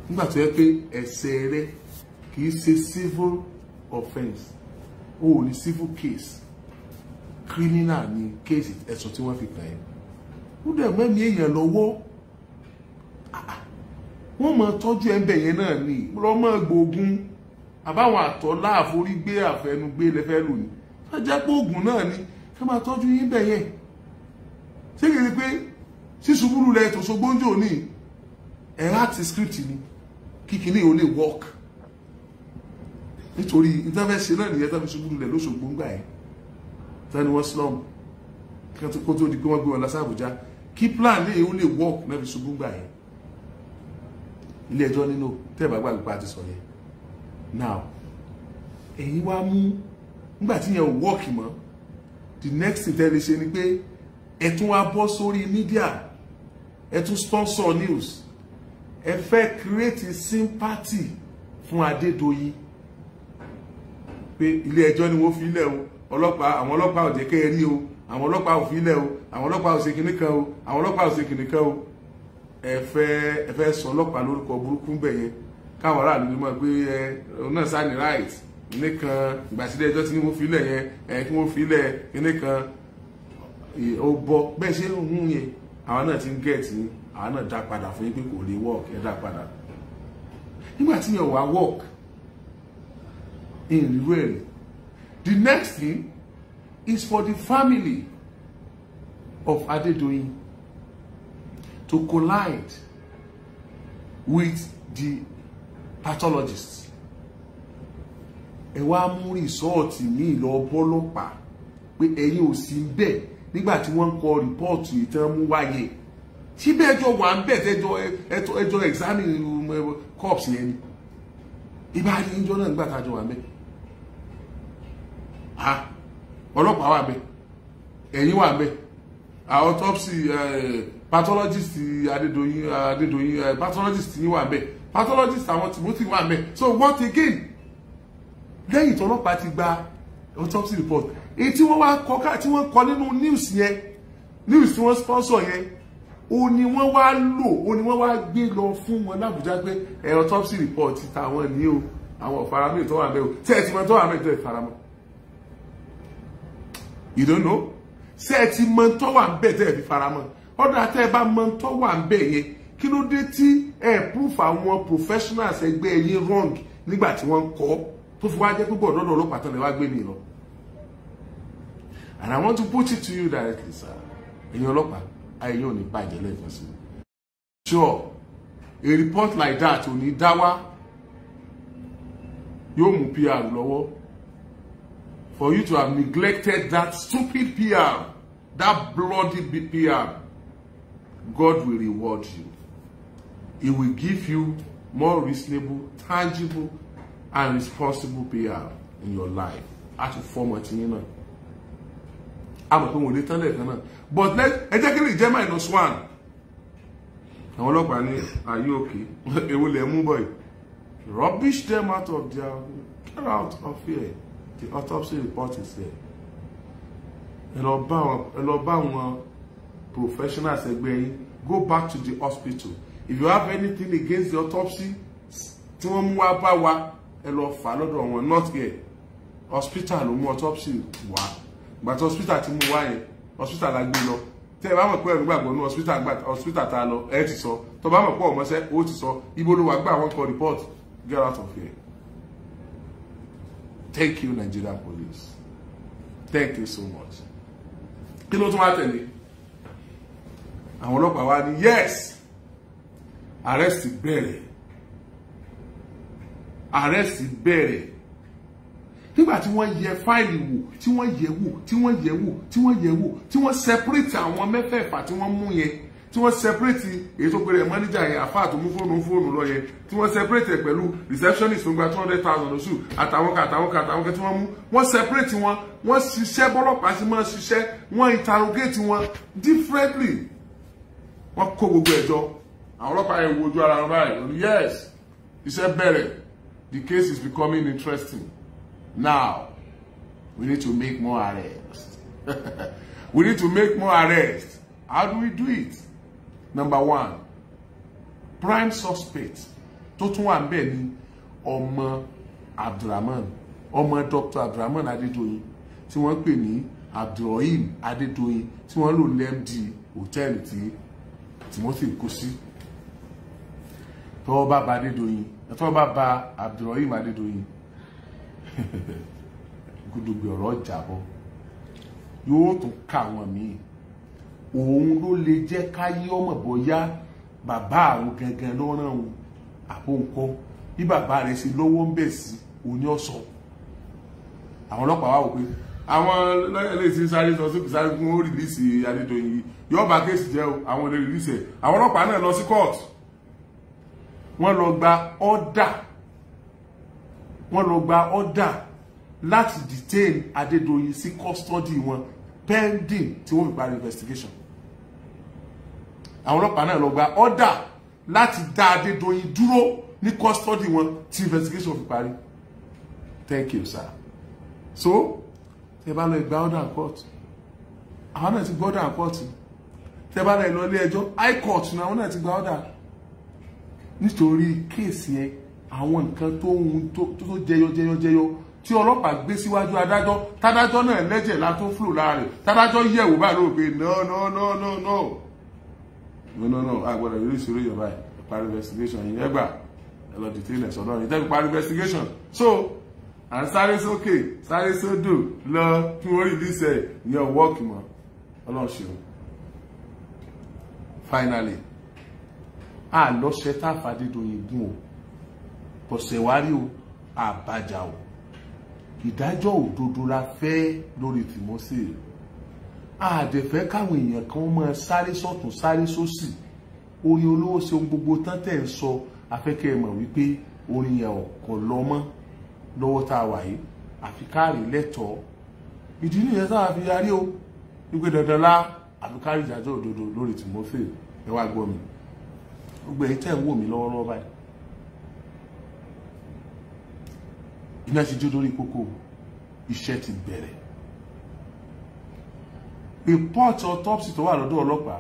nígbà tó yẹ pé ẹ̀ṣẹ̀ rẹ kì í ṣe civil offence o ò ní civil case criminal ni kéèsì ẹ̀sùn tí wọ́n fi kàn ẹ́ ó dẹ̀ mẹ́mí èèyàn lọ́wọ́ ah, ah. wọ́n máa tọ́jú ẹ̀ńbẹ̀ yẹn náà ni lọ́ọ́ máa gbógun àbáwọn àtọ́ láàforí gbé àfẹnugbé lẹ́fẹ́ lò ní ajá pé oògùn náà ni ká máa tọ́jú yín bẹ̀ yẹn ṣé kìí pé ṣíṣubúrú lẹ tòṣo gbóńjò ní ẹ̀rá ti script ni kíkiní ò lè work nítorí ìtafẹ́ṣe náà nìyẹn tá fi ṣubúrú lẹ lóṣogbo ń gbà yẹn tani wọ́n slum kó tó di pé wọ́n gbé wọn lọ sí Àbújá kí plan lè ó lè work náà fi ṣubú gbà yẹn ilé ẹjọ́ nínú tẹ́ẹ̀bá gbàgbé pa àti sọ yẹn now èyí wá mú nígbà tí yẹn ò work mọ́ the next thing tẹ́lẹ̀ ṣe ni pé ẹ tún wá bọ́ sórí media ẹ tún sponsor news ẹ fẹ́ create sympathy fún Adédoyin pé ilé ẹjọ́ ni wọ́n fi lẹ̀ o ọlọ́pàá àwọn ọlọ́pàá ò jẹ́ kẹ́ ẹ rí o àwọn ọlọ́pàá ò filẹ̀ o àwọn ọlọ́pàá ò ṣe kinní kan o àwọn ọlọ́pàá ò ṣe kinní kan o ẹ fẹ́ ẹ fẹ́ sọ ọlọ́pàá lórúkọ burúkú bẹ̀ yẹn káwọn aráàlú mọ̀ pé ẹ òun náà sá ní right kinní kan ìgbàsílẹ̀ ẹjọ́ tí wọ́n filẹ̀ yẹn ẹ kí wọ́n filẹ̀ kinní kan ó bọ́ bẹ́ẹ̀ ṣe ń hun yẹn àwọn náà ti ń gẹ̀ẹ́tì àwọn náà dá padà fún yín pé kò lè work ẹ dá padà nígbà tí yẹn wà work ìrírú ẹ̀rí The next thing is for the family of Adedoyin to collide with the pathologist. Ẹ wá mú rìsọ́ọ̀tì míì lọ bọ́lọ́pàá pé ẹ̀yin ò sí bẹ́ẹ̀ nígbà tí wọ́n ń kọ rìpọ́ọ̀tù ìtàn mú wáyé. Síbẹ̀ ẹjọ́ wà ń bẹ̀ ẹjọ́ examine um, corpse yẹn ni. Ibà ní ìjọ náà nígbà tájọ wà ń bẹ̀ ha ọlọ́pàá wà bẹ́ẹ̀ ẹ̀yin wà bẹ́ẹ̀ autopsy eh, pathologist Adédoyin Adédoyin eh, pathologist yín wà bẹ́ẹ̀ pathologist àwọn Timothy wà bẹ́ẹ̀ so what again lẹ́yìn tọ́lọ́pàá ti gba autopsy report èyí tí wọ́n wá kọ ká tí wọ́n kọ nínú news yẹn news tí wọ́n sponsor yẹn ó ní wọ́n wá lò ó ní wọ́n wá gbé lọ fún wọn lábújá pé ẹ̀ autopsy report ti tàwọn ní o àwọn ọ̀faramẹ́ tó wà bẹ́ẹ̀ o tẹ́ẹ̀tì mọ́ tó wà bẹ́ẹ̀ tó ẹ̀ faramọ́ you don't know ṣé ẹ ti mọ tó wà ń bẹ̀ tẹ́ ẹ fi faramọ́ ọ̀dọ̀ àtẹ́ ẹ bá mọ tó wà ń bẹ̀ yẹn kí ló dé tí ẹ proof àwọn professionals ẹgbẹ́ yín wrong nígbà tí wọ́n ń kọ́ tó fi wá jẹ́ púpọ̀ lọ́dọ̀ ọlọ́pàá tán lè wá gbé mi lọ. and I want to put it to you directly sir ẹ̀yin ọlọ́pàá ayé yóò ní bàjẹ́ lẹ́ẹ̀kan sí i. sure a report like that ò ní dá wá yóò mú PR lọ́wọ́ for you to have neglected that stupid PR, that bloody PR, God will reward you. He will give you more reasonable, tangible, and responsible PR in your life. A ti fọmọ ti yín náà. A mọ̀ pé wọ́n lè But let. jẹ́ kí lè jẹ́ minus one. Àwọn ọlọ́pàá ní ayé òkè. Èwo lè mú bọ̀ yìí? Rubbish them out of their get out of here the autopsy report is there ẹ lọ bá àwọn ẹ lọ professionals ẹgbẹ́ go back to the hospital if you have anything against the autopsy tí wọ́n mú wá bá wa ẹ lọ fà lọ́dọ̀ wọn not here hospital ló mú autopsy wá gbàtí hospital ti mú wá yẹn hospital la gbé lọ tẹ ẹ bá mọ̀ pé ẹ̀rù gbàgbọ́ ní hospital gbà hospital ta lọ ẹ ti sọ tọ́ bá mọ̀ pé ọmọ ṣẹ́ ó ti sọ ibo ló wà gbà wọ́n kọ report get out of here. Thank you, Nigeria Police. Thank you so much. Kí ló tún wá tẹ̀lé? Àwọn ọlọ́pàá wá ní yes, arrest bẹ̀rẹ̀. Arrest bẹ̀rẹ̀. Nígbà tí wọ́n yẹ fáìlì wò, tí wọ́n yẹ wò, tí wọ́n yẹ wò, tí wọ́n yẹ wò, tí wọ́n separate àwọn mẹ́fẹ̀ẹ̀fà tí wọ́n mú yẹn tí wọ́n separate èyí tó pèrè Manager, yẹn àfáà tó mú fóònù fóònù lọ yẹn tí wọ́n separate ẹ̀ pẹ̀lú receptionist tó gba two hundred thousand oṣù àtàwọn kan àtàwọn kan àtàwọn kan tí wọ́n mú wọ́n separate wọn wọ́n ṣiṣẹ́ bọ́lọ́pàá sí máa ṣiṣẹ́ wọ́n interrogate wọn differently wọ́n kó gbogbo ẹ̀jọ́ àwọn ọlọ́pàá yẹn wojú ara wọn báyìí yes iṣẹ́ bẹ̀rẹ̀ the case is becoming interesting now we need to make more arrests we need to make more arrests how do we do it number one prime suspect tó tún wà ń bẹ̀ ni ọmọ abdulrahman ọmọ dr abdulrahman adédoyin tí wọ́n pè ní abdulrahim adédoyin tí wọ́n lò ní md hòtẹ́ẹ̀lì tí timothy kó sí tọ́wọ́ bá ba adédoyin tọ́wọ́ bá ba abdulrahim adédoyin gudugbẹ ọ̀rọ̀ jàbọ̀ yóò tún ká àwọn míì òun ló lè jẹ́ káyé ọmọ bóyá bàbá àwọn gangan ló rán òun àbó nǹkan bí bàbá rẹ̀ ṣe lọ́wọ́ ń bẹ̀ sí òun ọ̀sọ̀ àwọn ọlọ́pàá wà wò pé àwọn lẹ́yìn tí sáré sọ sókè sáré fún ó rìlíìsì Adédoyin yìí yóò bá kéèsì jẹ́ o àwọn olè rìlíìsì ẹ̀ àwọn ọlọ́pàá náà lọ sí kóòtù wọ́n lọ gba ọ́dà wọ́n lọ gba ọ́dà láti detain Adédoyin sí custody wọn pending tí wọ́n fi parí investigation àwọn ọlọ́pàá náà lọ gba ọ́dà láti dá Adédoyin dúró ní custody wọn tí investigation fi parí thank you sir so tẹ bá lọ gba ọ́dà court àwọn náà ti gba ọ́dà court tẹ bá lọ ilé ẹjọ́ high court ni àwọn náà ti gba ọ́dà nítorí kéèsì yẹn àwọn nǹkan tó ń tó jẹyọ jẹyọ jẹyọ tí ọlọ́pàá gbé síwájú adájọ́ tádájọ́ náà lẹ́jẹ̀ látó fúlò láàrin tádájọ́ yẹ̀wò báyìí lóògbé no no no no no no no no àgbọ̀dọ̀ yìí ìṣòro yorùbá ẹ̀ parí investigation yìí ẹgbà ẹ lọ dìtí ilẹ̀ sọ̀dọ̀ yìí tẹ́bi parí investigation so à ń sáré sókè sáré sódò lọ kí wọ́n release ẹ̀ ní ọ̀wọ́ọ̀kì mọ́ ọlọ́run ṣeun finally a lọ ṣe tá a fàdédoyin gún o bọ̀sẹ̀ wá rí o àbájá o ìdájọ́ òdodo la fẹ́ lórí Timothy àdẹ̀fẹ́ káwọn èèyàn kan máa sáré sọ́tún sáré sósì orin olówó ṣe ohun gbogbo tán tẹ̀ ń sọ afẹ́kẹ́ mọ̀ wípé orin yẹn ọ̀kan lọ́mọ́ lọ́wọ́ tá a wà yìí àfi káàrí lẹ́tọ̀ọ́ ìdí nìyẹn sáà fi yarí o wípé dandan lá àfi káàrí ìdájọ́ òdodo lórí Timothy ẹ wá gbọ́ mi gbogbo èyí tẹ̀ ń wò mí lọ́wọ́lọ́wọ́ báyìí iná ti jó lórí kókó iṣẹ́ ti bẹ̀rẹ̀ report autopsy tó wà lọ́dọ̀ ọlọ́pàá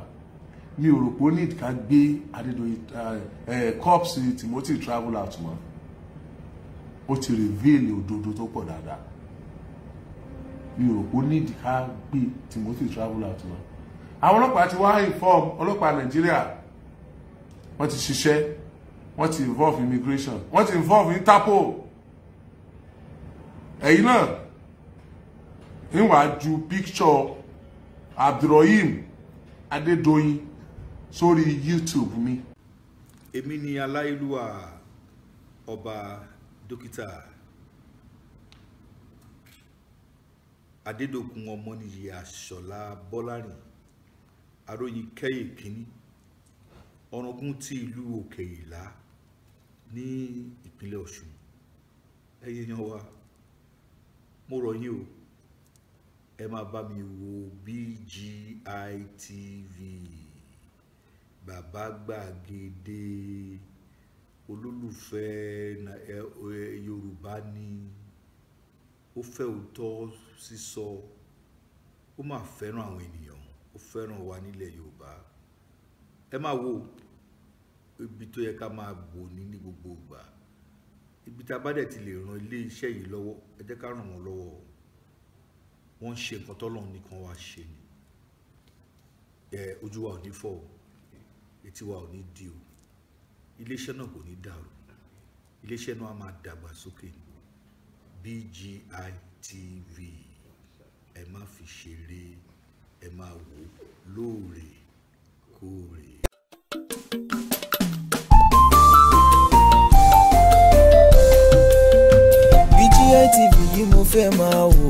mi ò rò pé ó ní ká gbé Adédoyin eh, eh, Timothy travel out mọ́ ó ti reveal òdodo tó pọ̀ dáadáa mi ò rò pé ó ní ká gbé Timothy travel out mọ́ àwọn ọlọ́pàá ti wá inform ọlọ́pàá Nàìjíríà wọ́n ti ṣiṣẹ́ wọ́n ti involve immigration wọ́n ti involve Interpol ẹ̀yin náà ń wàá ju picture abdulrahim adédọyìn sórí youtube mi. èmi ni aláìlúwà ọba dókítà adédọkùn ọmọnìyí àṣọlá bọ́lárìn aróyin kẹ́yè kínní ọ̀ràngún ti ìlú òkè ìlà ní ìpínlẹ̀ ọ̀ṣun ẹ̀yẹ̀yàn wa mo rọ̀ yín o ẹ máa bá mi wo BGI TV bàbá gbàgede olólùfẹ́ Yorùbá ni ó fẹ́ òótọ́ sísọ ó máa fẹ́ràn àwọn ènìyàn ó fẹ́ràn wa nílẹ̀ Yorùbá ẹ máa wo ibi tó yẹ ká máa bò ní ní gbogbo ìgbà ibi tá a bá dẹ̀ ti lè ran ilé iṣẹ́ yìí lọ́wọ́ ẹ jẹ́ ká ràn wọ́n lọ́wọ́ o wọ́n ń ṣe nǹkan tọ́lọ́run nìkan wá ṣe ni ojú wa ò ní fọ́ o etí wa ò ní di o iléeṣẹ́ náà kò ní dàrú iléeṣẹ́ náà a máa dàgbà sókè BGI TV ẹ má fi ṣeré ẹ máa wò lóòrèkóòrè. BGI TV yìí mo fẹ́ máa wò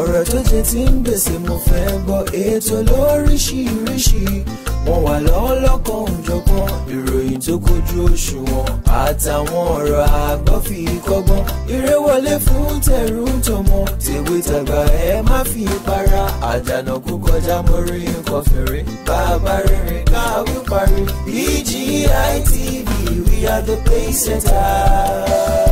ọ̀rọ̀ tó jẹ ti ń gbèsè mo fẹ́ gbọ́ ètò lóríṣiríṣi wọ́n wà lọ́wọ́ lọ́kàn òjọ̀gbọ́n ìròyìn tó kojú òṣùwọ̀n àtàwọn ọ̀rọ̀ àgbọ́ fi kọ́gbọ́n eré wọlé fún tẹ̀rù tọmọ tèwe tàgbà ẹ má fi para àdànà kú kọjá mọ́rí nǹkan fèrè bàbá rere káwí parí BGI TV we are the pace setters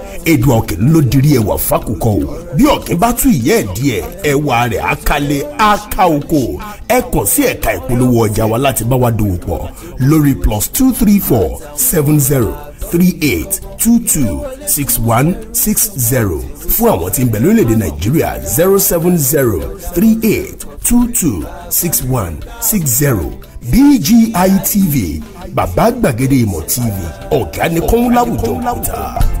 èdùn ọ̀kìn ló dirí ẹwà fákòkò o bí ọ̀kìn bá tú ìyá ẹ̀ díẹ̀ ẹwà rẹ̀ á kalẹ̀ á ká oko ẹ kàn sí ẹ̀ka ìpolówó ọjà wa láti bá wa dòwò pọ̀ lórí plus two three four seven zero three eight two two six one six zero fún àwọn tí ń bẹ lórílẹ̀ nàìjíríà zero seven zero three eight two two six one six zero BGI TV bàbá gbàgede ìmọ̀ TV ọ̀gá ni kọ́ńláwùjọ kùtà